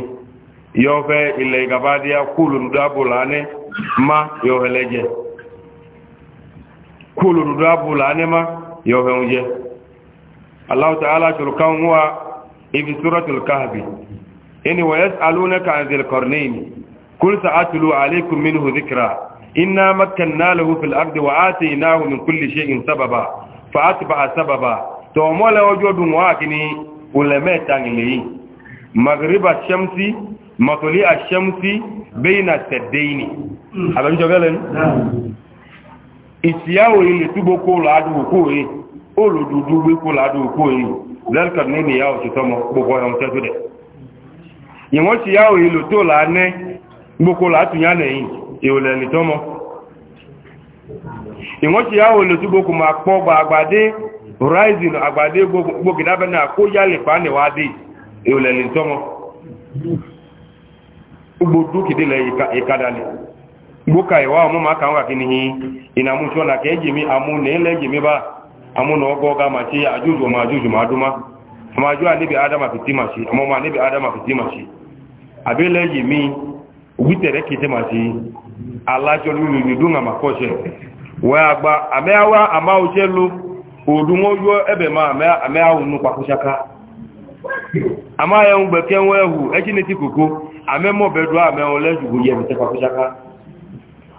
yo fe ile gabadia kulun dabulane ma yo heleje kulun dabulane ma yo heunje allah ta'ala tulkan huwa ibi suratul kahfi ini wa yas'alunaka an dhil qarnayn kul sa'atlu alaykum minhu dhikra inna makkanna lahu fil ardi wa atainahu min kulli shay'in sababa fa atba'a sababa to mola wajodun wa kini ulama magriba shamsi matuli a shamsi bayna taddaini abin jogalin isiyawo ile tubo ko laadu ko yi olududu gbe ko laadu ko yi zalkar ne ni yawo sitomo gbogbo ọyọ tẹtu dẹ ìwọ́n ti yáwò ìlò tó láàánẹ́ gbogbo látúnyà nẹ̀yìn ìwòlẹ̀ nìtọ́mọ́ ìwọ́n ti yáwò ìlò tó gbogbo ma pọ̀ gbàgbàdé rising àgbàdé gbogbo gìdábẹ́nà kó yálè pàánẹ̀wádìí ìwòlẹ̀lẹ̀ tọ́mọ gbogbo dúkìdílẹ̀ ìkádàlẹ̀ gbókà ìwà ọmọ máa kàwọn kàkíní ìnàmú ṣọ́nà kẹ́ẹ̀jìmí àmúnẹ̀ẹ́lẹ́jìmí bá àmúnà ọgọ́gá máa ṣe àjújù ọmọ àjújù máa dúnmá ọmọ àjújù àníbi adama fìtí máa ṣe ọmọ ọmọ àníbi adama fìtí máa ṣe àbẹ́lẹ́jìmí ògbítẹ̀rẹ́ kìí tẹ́ máa ṣe alájọ lórí dùn àmà kọ́ṣẹ́ wọ́n àgbà àmẹ́ àwa àmáhùṣẹ́ lu òdùn ó yọ ẹ̀bẹ̀ máa àmẹ́ àwọn onú pakúṣáká ama ya mgbe ke nwee eji echineti koko amembedu amewole zugbo ya ebute kpakpụchaka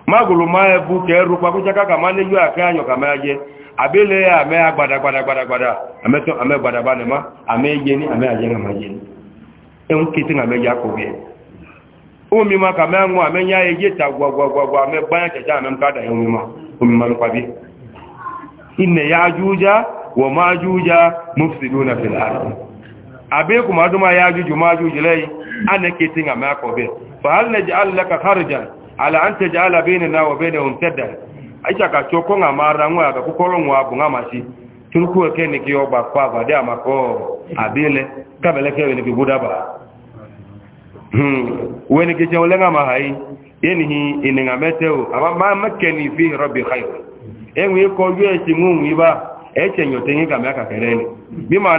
ma gụrụ ma ya bụ ka eru kpakpụchaka ka ma na eyu aka ka ma je abele ya ame ya gbada gbada gbada gbada ame gbada gbada ma ame yeni ame aje kiti nga meja ko bi ma ka ame nya ye ta gwa gwa gwa gwa ame abeku ma duma ya juju ma juju lai ana ke tinga ma ko be fa hal naj'al laka kharjan ala an taj'ala bainana wa bainahum sadda aisha ka choko nga mara ngwa ka kukoron wa bunga mashi turku ke ni kiyo ba kwa ba da ma ko abile kabele ke ni ki budaba hmm weni ke jawle nga ma hai yeni hi ininga meteo ama ma makeni fi rabbi khair enwe ko yue ti ngunwi ba eche nyote ihe ka m aka kerele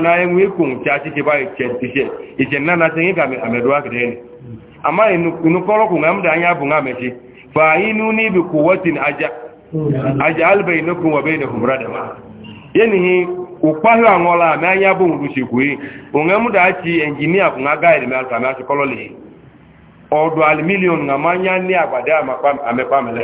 na enwe ikwu nke achịchị ba iche iche nna na ihe ka amedu akerele amaghị nukọrọkwụ nga m dị anya bụ nga mechi fa anyị n'unu ibi kuwatin aja aja alba inokwu wa bene humradama hi ukpahi angola ame ọdụ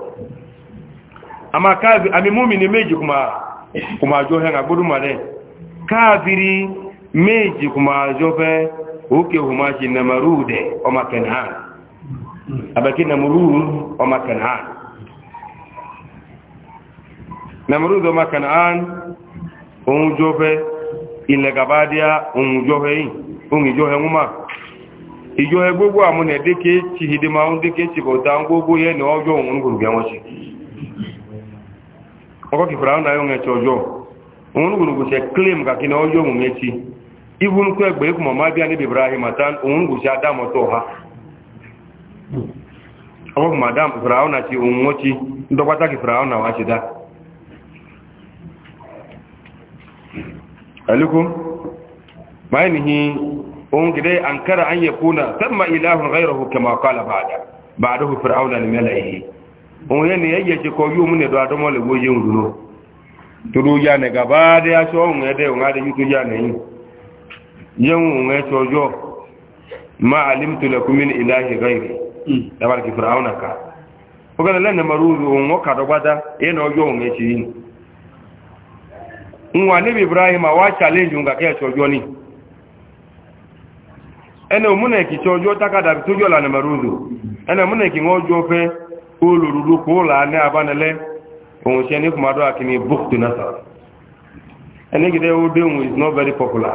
ama kavi amimumini meji kuma kuma johe nga gudu male kaviri meji kuma jofe uke humashi na marude o ha abaki na murun o makenhan na marude o makenhan on jofe ile gabadia on jofe yi on johe nguma ijohe gbogbo amune deke chihidima on deke chibota on gbogbo ye na ojo on gurugen won ọkọ̀ kì fìràún náà yóò ń ẹ̀tọ́ ọjọ́ òun gbùnùgbùn sẹ claim kàkí náà ọjọ́ òun mẹ́tí ibùn kú ẹgbẹ̀ ikú mọ̀ máa bí a níbi ibrahim àtàn òun gbùn sẹ adámọ̀tọ̀ ha ọkọ̀ madam fìràún àti òun wọ́n ti ndọ́pátákì fìràún náà wá dá ẹ̀lúkú máa nìyí òun gidẹ́ ankara an yẹ kúnà sẹ́mà ilahun ghayrahu kẹmà kọ́ òun yẹn ni ẹyẹ ti kọ yóò mú nìdọ adọmọlẹ yéun dúró toro ya nẹ gàbá dé aṣọ òun ẹdẹ òun adé yóò tó ya nẹyìn yẹun òun ẹṣọ ọjọ ma alim tó lẹkùn mí ní ilé ayé gáyìí dábàlì kìfìrà àwọn nàka ó kẹ́lẹ́ lẹ́nu ẹ̀mọ́rú òun ọkà dọ́gbádá yẹn ní ọjọ́ òun ẹṣẹ yìí ń wà níbi ibrahim àwa challenge òun kàkẹ́ ẹṣọ ọjọ́ ni ẹnì òmùnà ìkìṣọ ọjọ́ tákàdà tójọ́ lànà ẹ̀mọ́rú ẹnì òmùnà ìkìṣọ ọjọ́ fẹ́ olùrùdú kó là ní abánilẹ́ òun ṣe ní kùmádọ́ àkíní book to nasara ẹnigidẹ́ ó dé is not very popular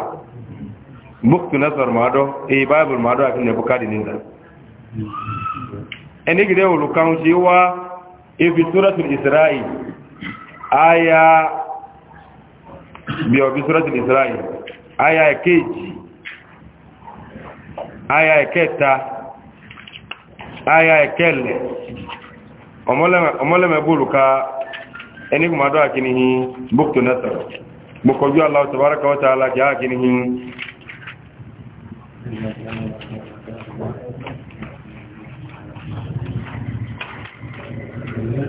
book to nasara màádọ́ èyí bible màádọ́ àkíní nebukadi nígbà ẹnigidẹ́ olùkàun ṣe wá ebi suratul israel aya bí ọbí suratul israel aya èkejì aya ẹ̀kẹta aya ẹ̀kẹlẹ̀ ọmọlẹ́mẹ̀ bóòlù ká ẹni kò máa dọ́ àkíníhí bókùtò nẹ́sọ̀rọ̀ gbọ́kọ̀jú aláwọ̀ tàbárakà wọ́ta alájá àkíníhí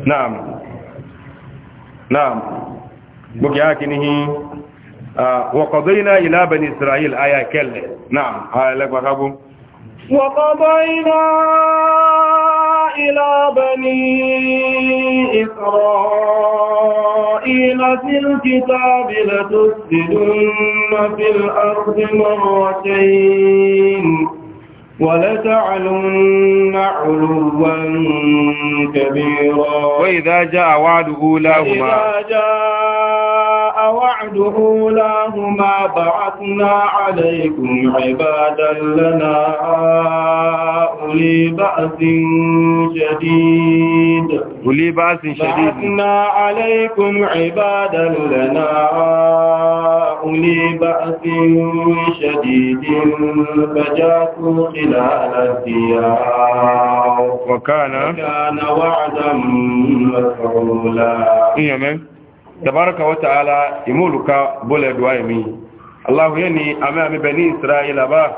naam naam gbọ́kì àkíníhí ah, wọ̀kọ̀dọ́yìnà ìlàbẹ̀ ní israel ayakẹ́lẹ̀ naam ayẹlẹ́gbàkábú wọ̀kọ̀dọ́yìnà إلى بني إسرائيل في الكتاب لتسجدن في الأرض مرتين ولتعلن علوا كبيرا وإذا جاء وعده لهما وإذا جاء وعده لهما بعثنا عليكم عبادا لنا أولي بأس شديد أولي بأس شديد بعثنا عليكم عبادا لنا أولي بأس شديد فجاءوا على الديار وكان وكان وعدا مفعولا يمين تبارك وتعالى يمولك بولد وايمي الله يعني امام بني اسرائيل با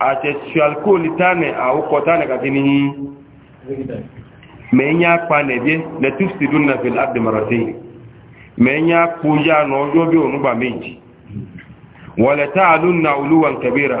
اتشالكول تاني او كوتاني كاتيني menya panebe le tufsiduna fil ardi marratayn menya kuja no jobi onuba meji wala ta'alunna uluwan kabira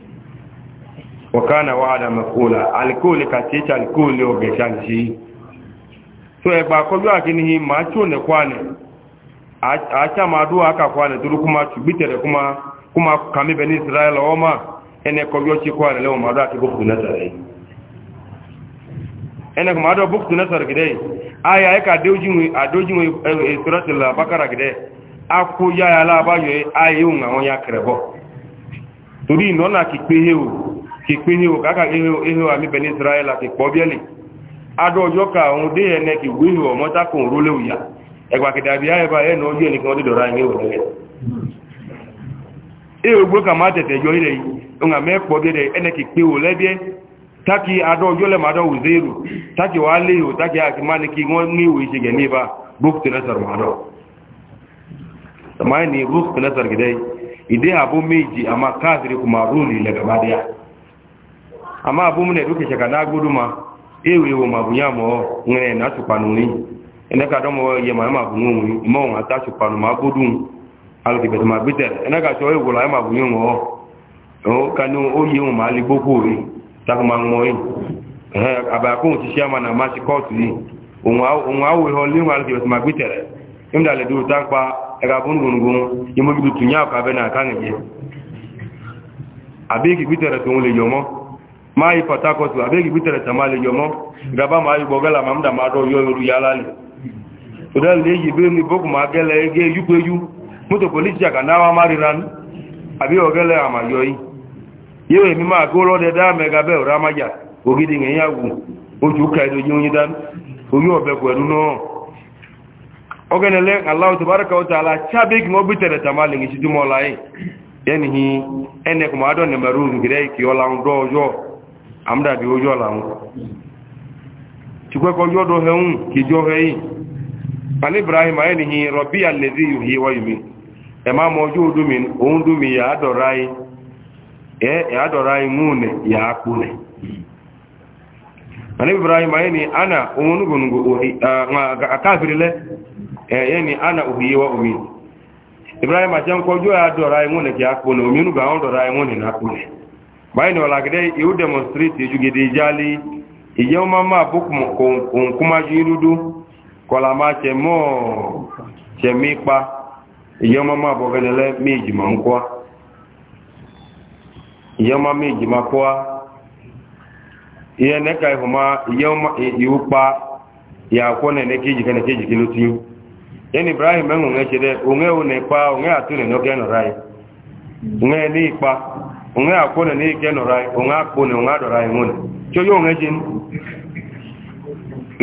wakana wada makula alikuli kachicha alikuli ogeshanshi so egba kojo akini macho ne kwane acha madu aka kwane kuma chubitere kuma kuma kami ben israel oma ene kojo chi kwane leo madu akibuku nasare ene kuma gide aya eka dojinwe e, ya la bayo ayi ki kpihiu kaka ihu ihu ami beni israela ki kpɔ bieli ado ɔjɔ ka ohun de yɛ nɛ ki wihu ɔmɔta ko role wuya ɛgba kidabi ayɛ ba yɛ na ɔjɔ yɛ nikan ɔdi dɔra yɛ wɔ taki ado ɔjɔ lɛ taki wa taki akima ni ki ŋɔ ni wo yi segɛ ni ba bukti na sɔrɔ ma meji ama kaasiri kuma roli ama abụ m na-edukecha ka na-agụrụ ma ewu ewu ma bụ ya ma ọ nwere na achụkwanụ nri eneka dọ ma bụ ma ọnwa ta achụkwanụ ma agụrụ m alụdibeta ma bite eneka chọọ ma bụ nye ọ ka na oyi enwe ma alị ma nwụọ yi ehe abakụ nwụchichi ama na amasị ma ta abe na aka nge le ma yi port harcourt abịaghị butere tamale yọmọ gaba ma ayigbo gala ma m da ma adọ yọ oru ya lali ụdala na-eyi be mi bokwu ma gele ẹgẹ́ eyukwu eyu moto polisi aka na awa marịra abịa ogele ama ya otu ụka onye hi ene kuma adon ne maruru gire amúdàbí ojú ọ̀la wọn tìkọ́kọ́ yọ́dọ̀ ẹ̀hún kìjọ ẹ̀yìn àní ibrahim ayẹ́nìyìn rọ̀bí àlèdí yìí wáyé mi ẹ̀ máa mọ ojú odúmi òun dúmi yà dọ̀ra yìí múnẹ̀ yà ya e, e kúnẹ̀ àní ibrahim ayẹ́nì ana òun ẹ̀yẹ́nì e, ana ibrahim àti yìí bayi ni walakide iwu demonstrate ejugide ijali ije ma ma bu kuma ju irudu kola ma che mo che mi pa ije ma ma bo gele meji ma nkwa ije ma meji ma kwa iye ne kai huma ije ma iwu pa ya ko ne ne keji kana keji kilo tin yen ibrahim en unge che de unge une pa unge atune no ken rai unge ni pa onwe akpone na ike nọrọ anyị onwe akpone onwe adọrọ anyị nwụna chọye onwe ji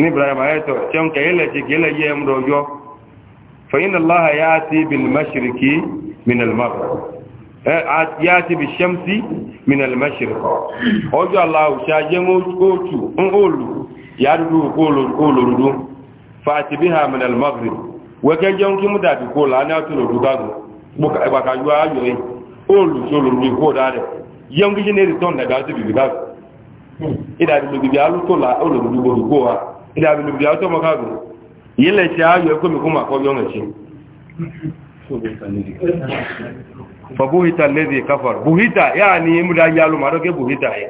ibrahim ayetọ chọ nke ilechi ka ile ihe m rọjọ فإن الله يأتي بالمشرق من المغرب yáti bí ṣẹ́mtí minalmashirka olu, ya dúdú olórúdú fàtí bí ha minalmaghrib wẹ́kẹ́ jẹun kí mú dàbí kó láàrín àtúrò dúgbàgbò gbọ́kà olùsọlùmí kó dáadẹ̀ yẹngu yìí ní return nàgbà tó bìbì bá ìdàbí la alùtò là olùdúgbò gbò wa ìdàbí lòbìbì alùtò mọ́ká gbò yìí lè ṣe ayọ̀ ẹkọ́ mi kó mà kọ́ yọ̀ ẹ̀ṣin. fa buhita lezi kafar buhita yáà ní múdà yálò má dọ́kẹ́ buhita yẹ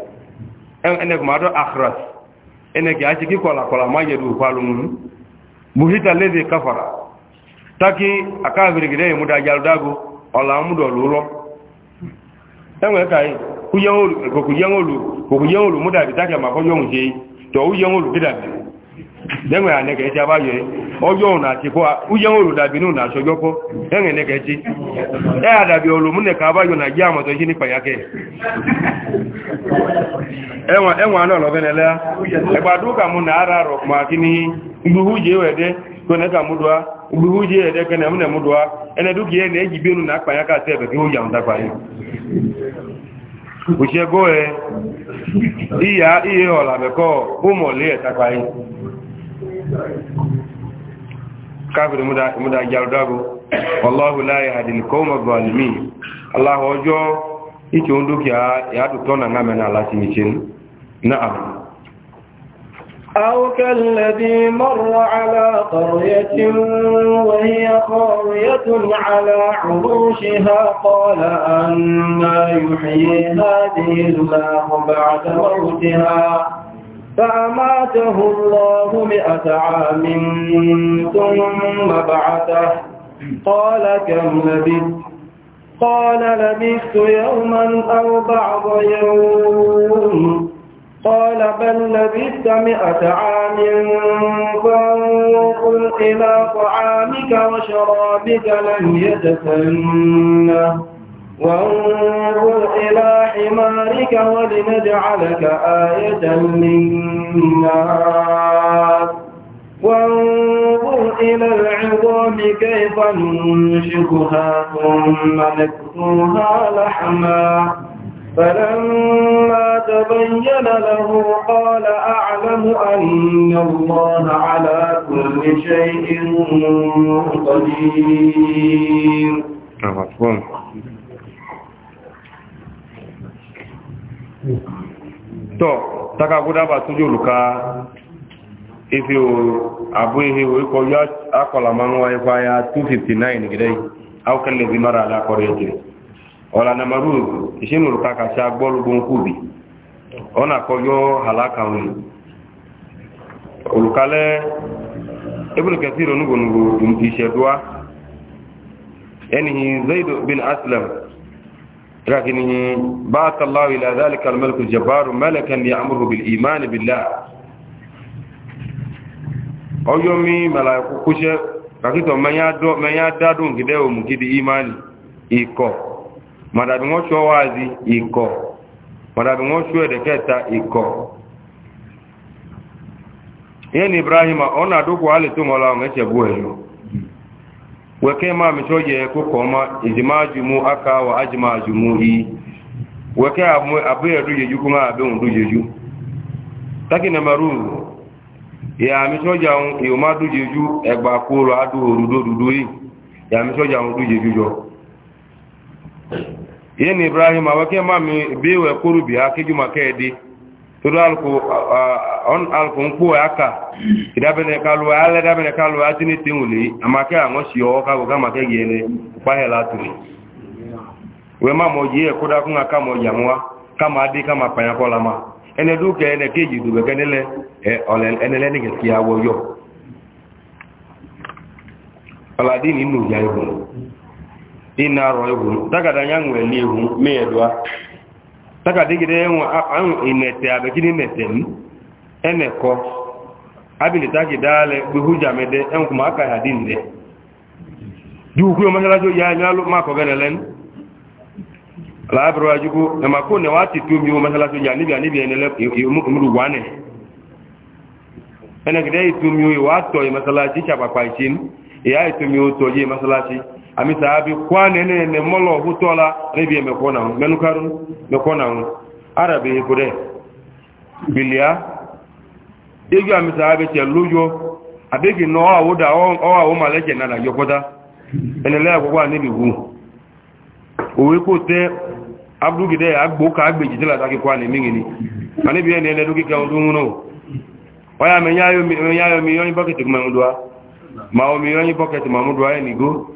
ẹnẹkù má dọ́ akras ẹnẹkì á ti kí kọlàkọlà má yẹ dùn fálù mú buhita lezi kafara taki akáàbìrì gidẹ́ ìmúdà yálò dágo ọ̀là múdọ̀ lòó enwere ka okuyen olu maka onye onwụ jee tọ uyen olu gị dabi enwere na achịkwa uyen olu dabi nụ na achọ jọkọ na ka echi ya na ka na amata ihe n'ikpa ya ke enwe anụ ọlọgị na eleya egbado ka mụ na arọ ka kene na eji na ka ata ya ya òṣègó ẹ ìyá iye ọ̀làbẹ̀kọ́ ó mọ̀lé ẹ̀tàpá yìí káfìrí múdá jàrúdágó ọlọ́hù láyé àdìlìkọ́ mọ̀gbọ̀ alìmí aláhọjọ́ ìkẹ́ oúnjẹ́ ìyàtùtọ́ nà ń أو كالذي مر على قرية وهي خاوية على عروشها قال أنا يحيي هذه الله بعد موتها فأماته الله مئة عام ثم بعثه قال كم لبثت قال لبثت يوما أو بعض يوم قال بل لبثت مئة عام فانظر إلى طعامك وشرابك لم يتسنه وانظر إلى حمارك ولنجعلك آية للناس وانظر إلى العظام كيف ننشكها ثم نكسوها لحماً فلما تبين له قال أعلم أن الله على كل شيء قدير tọ́ takagúdá bá tún yóò lùká ife o àbú ihe oríkọ̀ yá akọ̀lá ma wáyé fáyá 259 gidai aukẹ́lẹ̀ bí mara alákọ̀ọ́rẹ́ jẹ́ ọ̀la namaru ìṣẹ́nù rúkà kàṣà gbọ́lùgbọ́n kúbi ọ̀nà àkọyọ́ àlákà òní olùkalẹ́ ebùnkẹsí ìrònúgbònúgbò um ìṣẹ̀dúwá ẹni zaidu bin aslam rakini báàtàláwì lázàlì kalmalku jabaru mẹ́lẹ̀kan ni amúrù bil imani billá ọyọ́ mi mẹ́lá kúkúṣẹ́ rakítọ̀ mẹ́yá dádùn gidẹ́ òmùgidi imani ikọ̀ madabi ŋo tso waazi ikɔ madabi ŋo tso ɛdɛkɛta ikɔ yẹn ibrahima ɔna adoko ali tó ŋɔla ɔŋɛ tse bu ɛlu wɛkɛ maa mi tso yɛ kó kɔma ìdìmá adzumu aka wa adzima adzumu yi wɛkɛ amu abe ɛdu yedu kó ŋa abe ŋu du yedu taki namaru yàmi tso yà ŋu ìwòmá du yedu ɛgba kóró adu òdudu òdudu yi yàmi tso yà ŋu du yedu jɔ yẹn ni ibrahim awake mami biwe kuru bi haki di kedi turu alku on alku nku aka idabene kalu ale dabene kalu atini tinguli amake ango si o ka goga make gele kwa hela turi we ma moji e kuda kunga kama ojamwa kama adi kama panya kola ma ene duke ene keji dube kenele e ole ene le ni gesia wo yo ala dini nu ya yo Dina ro ewu taka da nyanwu eli ewu me edwa taka digire enwu anu inete abekini nete hmm? ni eneko abili taki dale bihuja mede enku kuma aka ya dinde di ukwu jo ya ni alu mako benelen la abro ajugo e mako ne wati tu mi yo masala jo ya ni bi ani bi enele umuru wane ene gide itu mi wato yo masala ji chapa pa itin hmm? ya itu mi yo toje masala ji Amisa saabi kwa nene ne molo hutola rebi me kona menu karun me kona arabi kure bilia igi ami saabi che lujo abegi no awuda o awu maleje na yokoda enele agwa ni bihu owe ko te abdu gide agbo ka agbeji tela ta ki kwa ni mingi ni ani bi ene ne duki ka odun no oya me nyayo mi nyayo mi yoyin bucket kumemudwa ma o mi yoyin bucket mamudwa enigo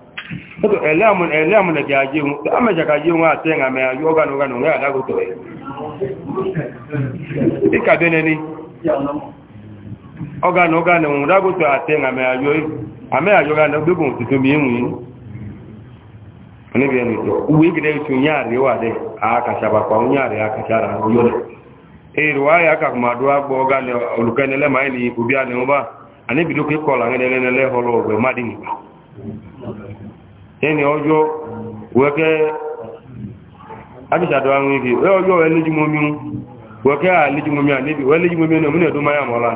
ẹ̀lẹ́ àmúnẹ̀ kí a jẹ́ ohun tí a mẹ́jàká jẹ́ ohun àti ẹ̀ngà mẹ́ ayú ọgánugánù rẹ̀ àdágótò rẹ̀ ìkàbẹ́nẹ́ ni ọgánugánù ohun dágótò àti ẹ̀ngà mẹ́ ayú àmẹ́ àyọ́gánù gbégùn tuntun bí ìwùn yìí oníbẹ̀ẹ́ni tó uwe gẹ́gẹ́ tó ẹni ọjọ́ wẹ́kẹ́ abíṣàdọ̀ àwọn ibi ẹ ọjọ́ ẹlẹ́jùmọ́mí wẹ́kẹ́ àlẹ́jùmọ́mí àníbi wẹ́lẹ́jùmọ́mí ẹni ọmọdé ọdún máyà mọ́lá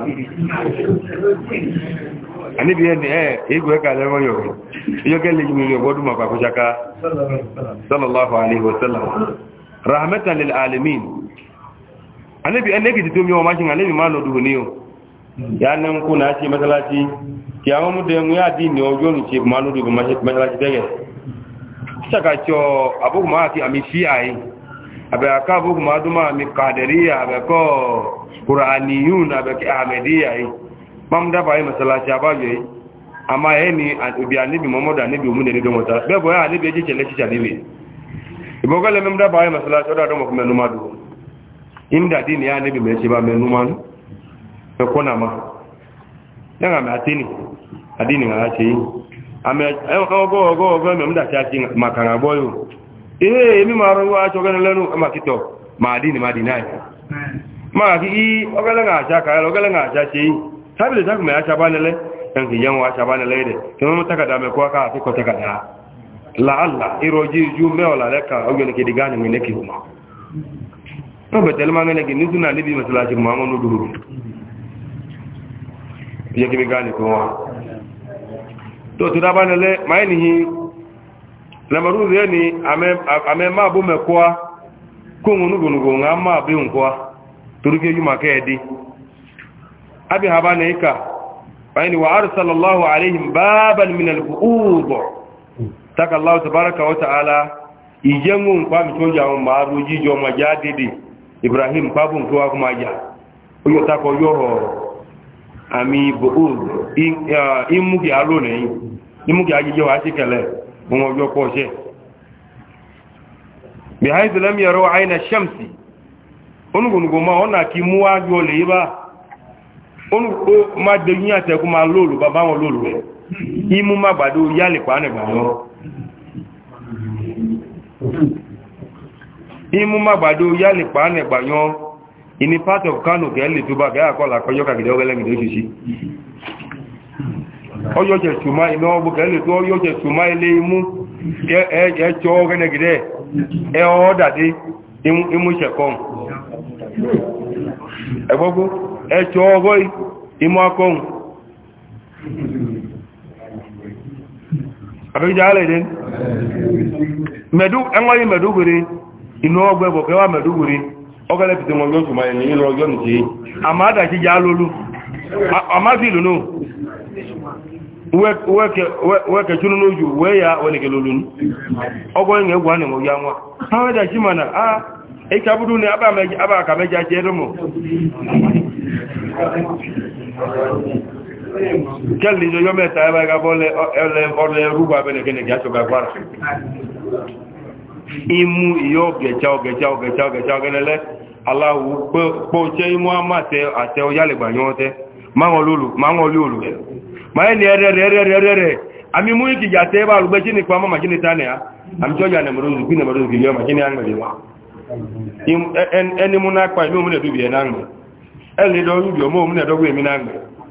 àníbi ẹni ẹ ègbò ẹka lẹ́wọ́yọ̀ ìyọ́kẹ́ lẹ́jùmọ́mí ọgbọ́dún ya nan ku na ce matsalaci ki awon mu da ya di ne ojo ni ce ma nudu matsalaci dege saka cho abu ma ati ami fi ai abe aka abu ma duma ami qadariya abe ko qur'aniyun abe ki ahmediya ai mam da bai matsalaci abaje ai ama ye ni obi anibi muhammadu anibi omu nere domo ta bebo ya anibi eji chele chicha nile ibogale memda bai matsalaci oda domo kuma numadu inda di ni ya me se ba me ẹ̀kọ́nà ma a mẹ́ àti ní àdínì àrá ṣe yìí ọgọ́gọ́gọ́gọ́ mẹ́mdà ṣe àti makàrà gbọ́yò ihe èmi ma rọ wá aṣọ gẹ́nà lẹ́nu amakitọ̀ ma àdínì ma dìnà ẹ̀ máa kí ọgẹ́lẹ́nà àṣà kàrẹ́lẹ́ ọgẹ́lẹ́nà àṣà ṣe yìí tábìlì sákùnmẹ́ aṣàbánilẹ́ ẹnkì yẹn wọn aṣàbánilẹ́ rẹ̀ kí wọ́n tàkàdá mẹ́kọ́ ká àfikọ́ tàkàdá làálà ìrọ̀jí ju mẹ́ọ̀lá lẹ́ka ọgbẹ̀ni kìdí gáàni mi nẹ́kì wọn. wọ́n bẹ̀tẹ̀lẹ́mọ́ yẹ kí ní gáàlì fún wa tó tó dábá nílẹ̀ máa ní yí lẹ́mọ̀rú rẹ̀ ni àmẹ́ máa bó mẹ́kọ́á kóhun nùgbònùgbò ń máa bí nǹkọ́á torí kí kẹ́ẹ̀dí abi haba na ika bayan wa arsalallahu alaihim baban min al-bu'udh taka allah tabaaraka wa ta'ala ijengu nkwa mitoja wa maru jijo majadidi ibrahim babu nkwa kuma àmì bòóz ìmúkì alónìí ìmúkì ajíjẹ́ wà sí kẹlẹ̀ wọn ọjọ́ pọ̀ ṣẹ́ bí i haìsì lẹ́mí ẹ̀rọ àìnà ṣẹ́msì onígbònùgbò máa ọ́nà kí mú ájọ́ lè bá onígbò má dẹ̀yìn àtẹ́kù máa lóòlù bàbá wọn lóòlù rẹ̀ ìmú má gbàdó yálè pàánẹ̀gbàyán the part of kano kẹ́lì túbá kẹ́ àkọ́lá kọjọ́ kàkìdẹ́ ọgẹ́lẹ́gìdẹ́ òṣìṣì ọjọ́ jẹ ṣùmá iná ọgbọ́ kẹ́lì tó ọjọ́ jẹ ṣùmá ilé imú ẹ̀ẹ́jọ́ ẹ ọ́dàdé imú ṣẹ̀kọ́n ẹgbọ́gbó ẹ̀ẹ́jọ́ ọgọ́ imú akọ́n àbẹ́jọ́ alẹ́dẹ́ mẹ́dú ẹ̀wọ́n ọgọ́lẹ̀ pìtẹ̀ wọn yóò tó máa ẹ̀yìn lọ yọ́nù tí a máa dàkí já lólú a máa fi lónú wẹ́kẹ̀ tún lónú wẹ́yà wẹ́nìkẹ̀ lólú ọgọ́ ma ni abáàkà mẹ́já jẹ́ ẹdọ́mọ̀ kẹ́lì ìjọ yọ́mẹ́ta ẹbá imu ihe ogecha ogecha ogecha ogecha ogenele aláwo pọ́ọ̀chẹ́ imú àmà àtẹ ọjálẹ̀gbà yán tẹ́ máa ń olú olùgbẹ̀ máa ní ẹrẹ́rẹ́rẹ́rẹ́rẹ́ àmì mú ìkìjà tẹ́ bá ẹni òmìnà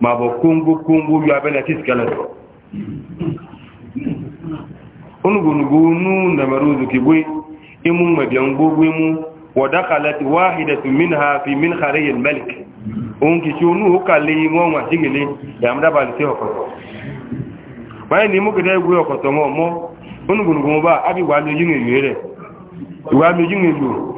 ma bɔ kongo kongo yɔ a bɛ na kisi kɛlɛ sɔrɔ onugonugo nu namaruzu kibwe imu mabiyan gbogbo imu wada kalati wahida tu min ha fi min harayin malik ohun kìí ṣe onú kàlẹ̀ wọn wà sígìlẹ̀ ìyàmdábà lè ṣe ọ̀kọ̀tọ̀ báyìí ni mú kìí gbé ọ̀kọ̀tọ̀ wọn mọ́ onugonugo wọn bá ábí wà lójú ìlú rẹ̀ ìwà lójú ìlú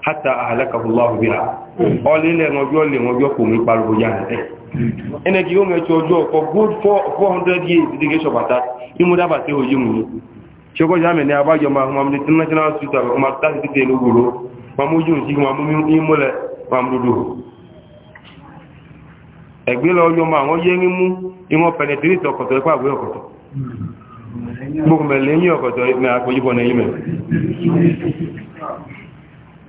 hata ahalakahu allah biha ọlẹ́lẹ̀ ọjọ́ lè ọjọ́ kò mú pariwo yá ẹ̀ ẹnẹ́ kí yóò mẹ́tọ́ ọjọ́ ọkọ̀ good 400 years dígé ṣọ̀pàtà ìmúdábà tí ó yí mú ní ṣọkọ́ jámẹ̀ ní abájọ ma ọmọ ní hospital ọmọ tàbí títẹ̀ mẹ̀lẹ́yìn àpòjúbọ̀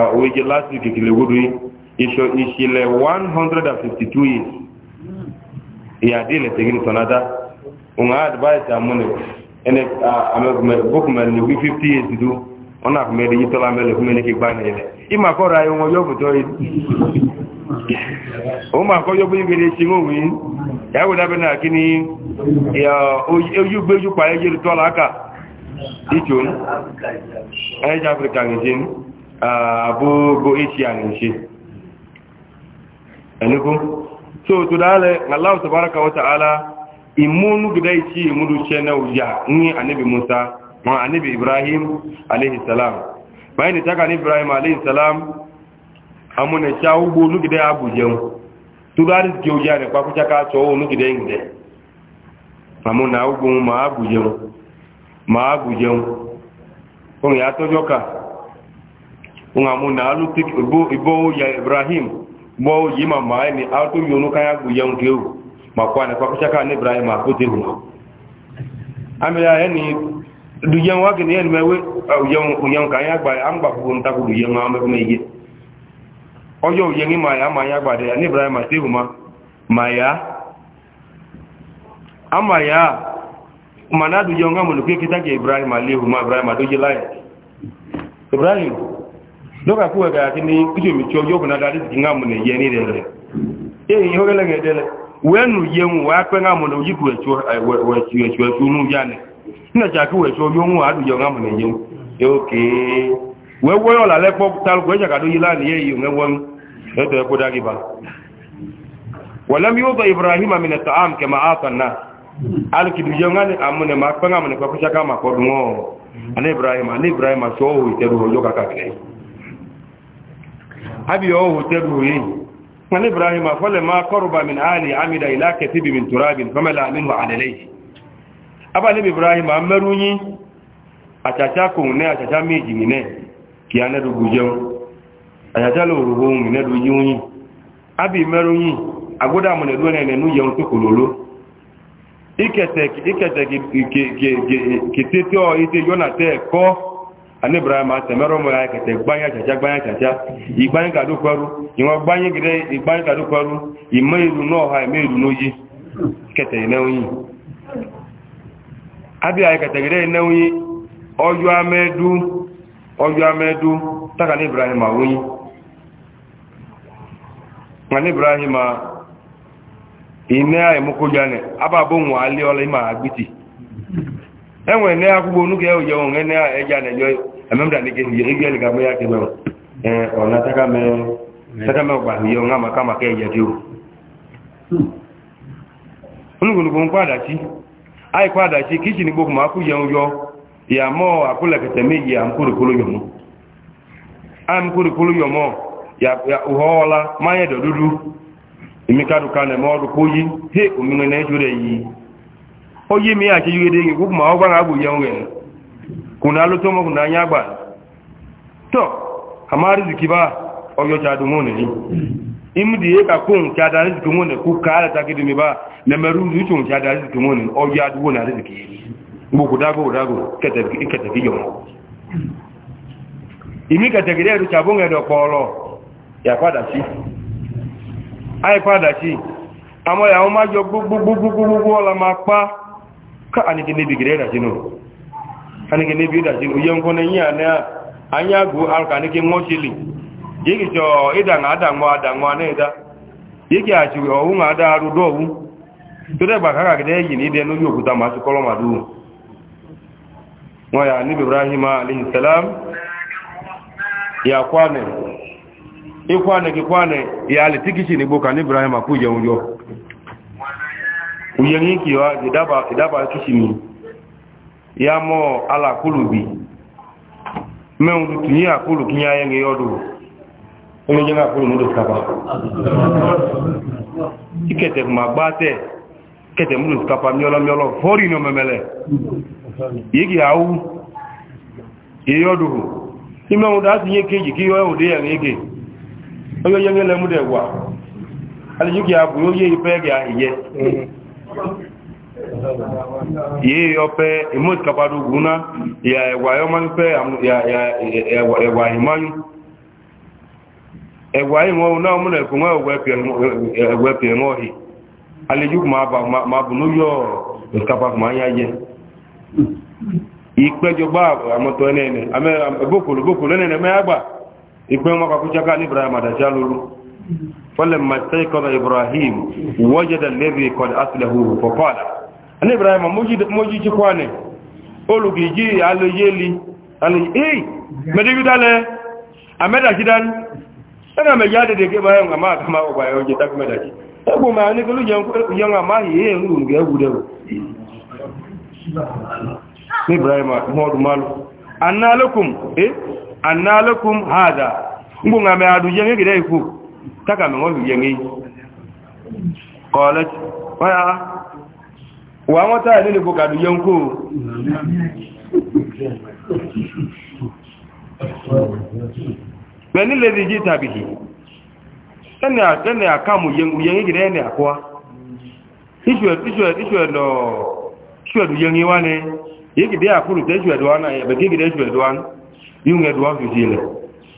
oweje ah, last week kilegudu isho ishile 152 years ya dile tegini tonada unga advice amune ene ah, amekume bukume ni 50 years du ona kume di tola mele kume ni kigbani ile ima ko ra yo yobu to yi o ma ko yobu igere singo wi ya wo da na kini ya oyu gbeju pa eje tola aka ichun eje africa abubu ah, ishi anishe eniku so to dale allah tabaraka wa ta'ala imunu gida ishi imudu na uja ni anabi musa ma anabi ibrahim alayhi salam bayani taka ni ibrahim alayhi salam amune cha ubu nu gida abuje dị dale ki uja ne kwa kuchaka cho nu gida ngide amuna ubu ma abuje ma abuje ko ya tojoka ngamu na alu tik bo ibo ya ibrahim bo yima mai ni auto yonu kaya gu yan teu makwa na kwakusha ka ni ibrahim akute hu amira yani du yan wa gani yan mewe yan yan kaya gba an gba ku nta ku du yan ma me kuma yige ojo yan ni maya maya gba de ni ibrahim ate hu ma maya amaya mana du yan ngamu lu ke kita ke ibrahim alehu ma ibrahim adoje lai ibrahim lọ́kà kú ẹ̀gà àti ní ìjòmí tí ọjọ́ òkúnnadà àti ìjìngà mọ̀nà yẹ ní rẹ̀ èyí ọgẹ́lẹ́gẹ̀ dẹ́lẹ̀ wẹ́nù yẹun wà pẹ́ ńàmọ̀nà òyíkù ẹ̀ṣọ́ ẹ̀ṣọ́ inú yá nẹ̀ nígbàtí àkú ẹ̀ṣọ́ yóò wà àdùjọ ńàmọ̀nà yẹun ókè wẹ́wọ́yọ̀ lálẹ́ pọ́ tálùkù ẹ̀ṣàkàdó yìí láàrin yẹ́ yìí wẹ́wọ́n ẹ̀tọ́ ẹ̀kọ́ dáríba wọ̀lẹ́m yóò tọ́ ibrahim amina ta'am kẹma àtànà alùkìdùjẹ́ ńàmọ̀nà àmọ̀nà máa pẹ́ ńàmọ̀nà pẹ́ fúnṣáká màkọ́dùn wọn alẹ́ ibrahim alẹ́ ibrahim aṣọ́ òwò ìtẹ́rù ọjọ́ kàkàkiri abi o hotebu yi man ibrahim fala ma qaruba min ali amida ila katibi min turabin famala minhu alayhi aba ni ibrahim amarunyi achacha ko ne achacha meji ni ne ki ana du gujo achacha lo ru hun ne du yunyi abi marunyi agoda mo ne du ne ne nu yun to kololo ikete ikete ke ke ke ke te to ite yona te ko ani ibrahim atẹmẹrọ mọ ya kẹtẹ gbanya kyakya gbanya ìgbanya ìwọn gbanya gidẹ ìgbanya ìmọ ìlú náà ha ìmọ ìlú n'oyi kẹtẹ ìnáwó yìí abi kẹtẹ gidẹ ìnáwó yìí ọjọ ọjọ taka ni yìí nga ni a ìnáyà ìmọkọjọ anẹ ababo àgbìtì. enwe ne akwụgbọ onugbu ya oje onwe ne eja na ejo ememda ni ke je igbe ga moya ke mewo eh ona taka me taka me gba yo nga maka maka eje ti o onugbu nugo nkwa adachi ai kwa adachi kichi ni gboku ma ku je onyo ya mo akula kete meji ya mkuru kulu yomo am kuru kulu yomo ya ya uhola manye dodudu imikaduka ne mo he omine ne oyi mi ake yugede gi gugu ma ogba ngabu yenwe kuna luto mo kuna nyagba to amari zikiba oyo cha dumune ni imdi ye ka kun cha da riziki mune ku kala ta gidi mi ba na meru zuchu cha da riziki mune oyo adugo na riziki mbo kudago dago kete kete kiyo imi kete gidi ru cha bunga do polo ya pada si ai pada si amo ya o ma jo gugu gugu gugu ola ma ka anike nebi gire da jino anike nebi da jino yen ko ne nya na anya go al ka anike mo chili yigi jo ida nga ada mo ada mo na ida yigi achi o wu nga ada ru do wu to de ba ka ka de yi ni de no yoku ta ma ti kolo ma du wa ya ni ibrahima alayhi salam ya kwane ikwane kikwane ya litiki ni boka ni ibrahima kuje unjo uyen yi kiwa idaba idaba kishimi ya mo ala kulubi me un tunyi akulu kinya yenge yodu ene jenga akulu mudo kaba ikete magbate kete mudo kaba miolo miolo fori no memele yigi au yodu ime un da keji abu ye ipe yìí ọpẹ ìmọ̀tìkàpadà ya náà ìyà ẹ̀wà ayọ́mọ́ni pẹ́ ẹ̀wà ìmọ́ni ẹ̀wà ìwọ̀n náà múnà ẹ̀kùn ẹ̀wà ẹ̀pẹ̀ ẹ̀wọ̀n ọ̀hì alẹ́jú máa bù lóyọ̀ ìkàpadà máa yá jẹ́ فلما استيقظ إبراهيم وجد الذي قد أسله فقال أنا إبراهيم موجد موجد كواني أولو بيجي على يلي على إيه ما تبي دالة أمدا كدان أنا ما جاد ديك إبراهيم ما كما هو بايو جتاك ما داشي أبو ما أنا كلو يوم يوم ما هي يوم جاي بودو إبراهيم ما هو مالو أنا لكم إيه أنا لكم هذا ngunga me adu jenge gidai ku taka mi wọ́n lù yẹ ní kọ́ọ̀lẹ́tì wọ́n yá wà wọ́n táà nílé bọ́kàdù yẹ ń kó pẹ̀lú lèdí jí tàbí ẹni àkàmù yẹ ní gẹ̀rẹ́ ẹni àkọ́wá ṣíṣẹ̀dù yẹ ní wá ní yẹ gẹ̀rẹ́ àkúrù tẹ́ ṣíṣẹ̀dù wá náà ẹ̀bẹ̀ gẹ̀rẹ́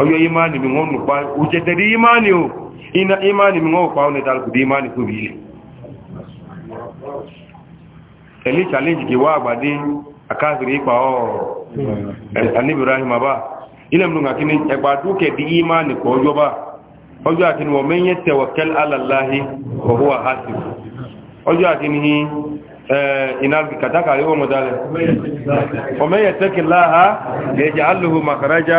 ọjọ́ imani mi wọ́n mọ̀pá òjẹ̀tẹ̀rí imani o hmm. iná imani mi wọ́n pa ọ́nà ìdálùkùdé imani tó bí ilẹ̀ ẹ̀lé challenge gẹ̀wà àgbàdé akáàkiri ipa ọ̀rọ̀ anibirahim abá ilẹ̀ mìíràn kí ni imani kọ ọjọ́ bá ọjọ́ àti ni wọ́n mẹ́yẹ tẹ̀wọ̀ ina katakari wọn mọ̀dálẹ̀ ọmọ yẹ tẹ́kì láha lè jẹ́ alùhù makaraja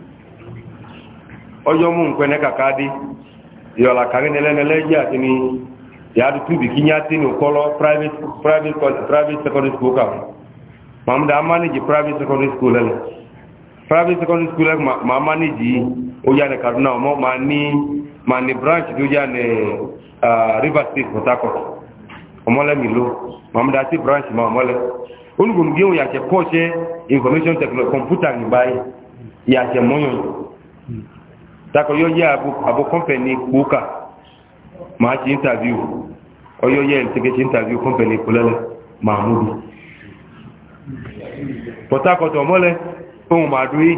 ọjọ́ mú nkwẹ́ ní kàkà dí yọ̀lá kàrí nílẹ́nilẹ́ jẹ́ àti ní yàtú kí ní àti ní kọ́lọ́ private secondary school kàwé màmú dá manage private secondary school lẹ́nu private secondary school lẹ́nu màá manage yìí ó yà ní kaduna ọmọ màá ní màá ní branch tó yà ní river state port harcourt ọmọlẹ́mi ló màmú dá sí branch màá ọmọlẹ́ olùgbòmùgbé òun yàtẹ̀ kọ́ information technology computer ní báyìí yàtẹ̀ mọ́yàn tako yo ye abu abu company kuka ma ci interview o yo ye tege ci interview company kulele mahmudu potako to mole o ma du yi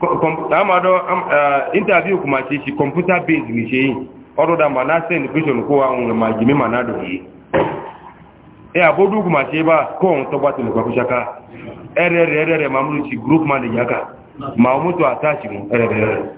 ta interview kuma ci ci computer based ni ci odo da ma na send vision ko wa ma jimi ma na do yi e abodu kuma ci ba ko on to ba tele ko kushaka ere ere ere mamuru ci group manager ka ma o mutu atachi mu ere ere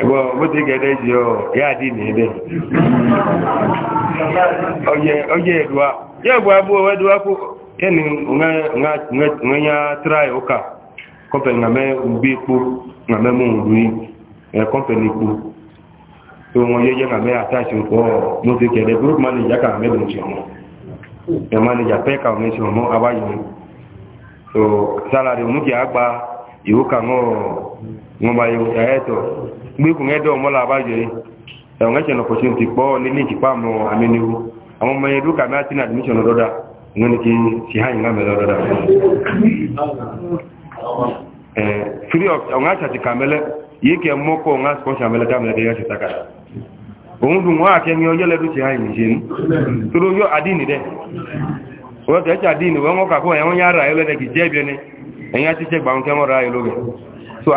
ẹgbọ́ mọ́tí gẹ̀ẹ́dẹ́ jẹ́ ọ yáàdì ní ẹ̀dẹ́ ọjẹ́ ẹ̀dùwá yẹ́ ẹ̀gbọ́ abúọ ẹ̀dùwá kó kẹ́ni ǹyà tíráì ọkà kọ́mpẹ̀lì nàmẹ́ gbé epo nàmẹ́ mú òdùn tó wọn yẹ́ yẹ́ so a mgbe kwu ngedo mola abaje e ngeche no opportunity po ni ni ti pa mo ameniwu àwọn mo yedu ka mati na admission ododa ngene ki si ha nga melo ododa eh ọ of cha mele ka mele ya ka òun dùn wọ́n àti ẹni ọjọ́ lẹ́dún ti ha ìrìnṣẹ́ ní tó yọ àdínì àdínì kì ẹni àti tó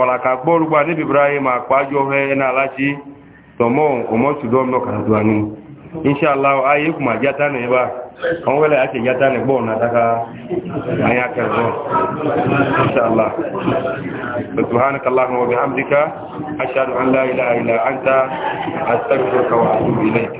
ọ̀làkà gbọ́rùgbà níbi ibrahim àpájọ ọ̀hẹ́ ẹ̀nà aláṣí tọ̀mọ́ ọmọ́sùdọ́ ọmọ kàtàdù àní inṣàlá ayé kùmà játá nì bá jata ilẹ̀ àti játá nì gbọ́ ọ̀nà dáka àyà kẹrọ inṣàlá subhanaka allahumma wa bihamdika ashhadu an la ilaha illa anta astaghfiruka wa atubu ilayk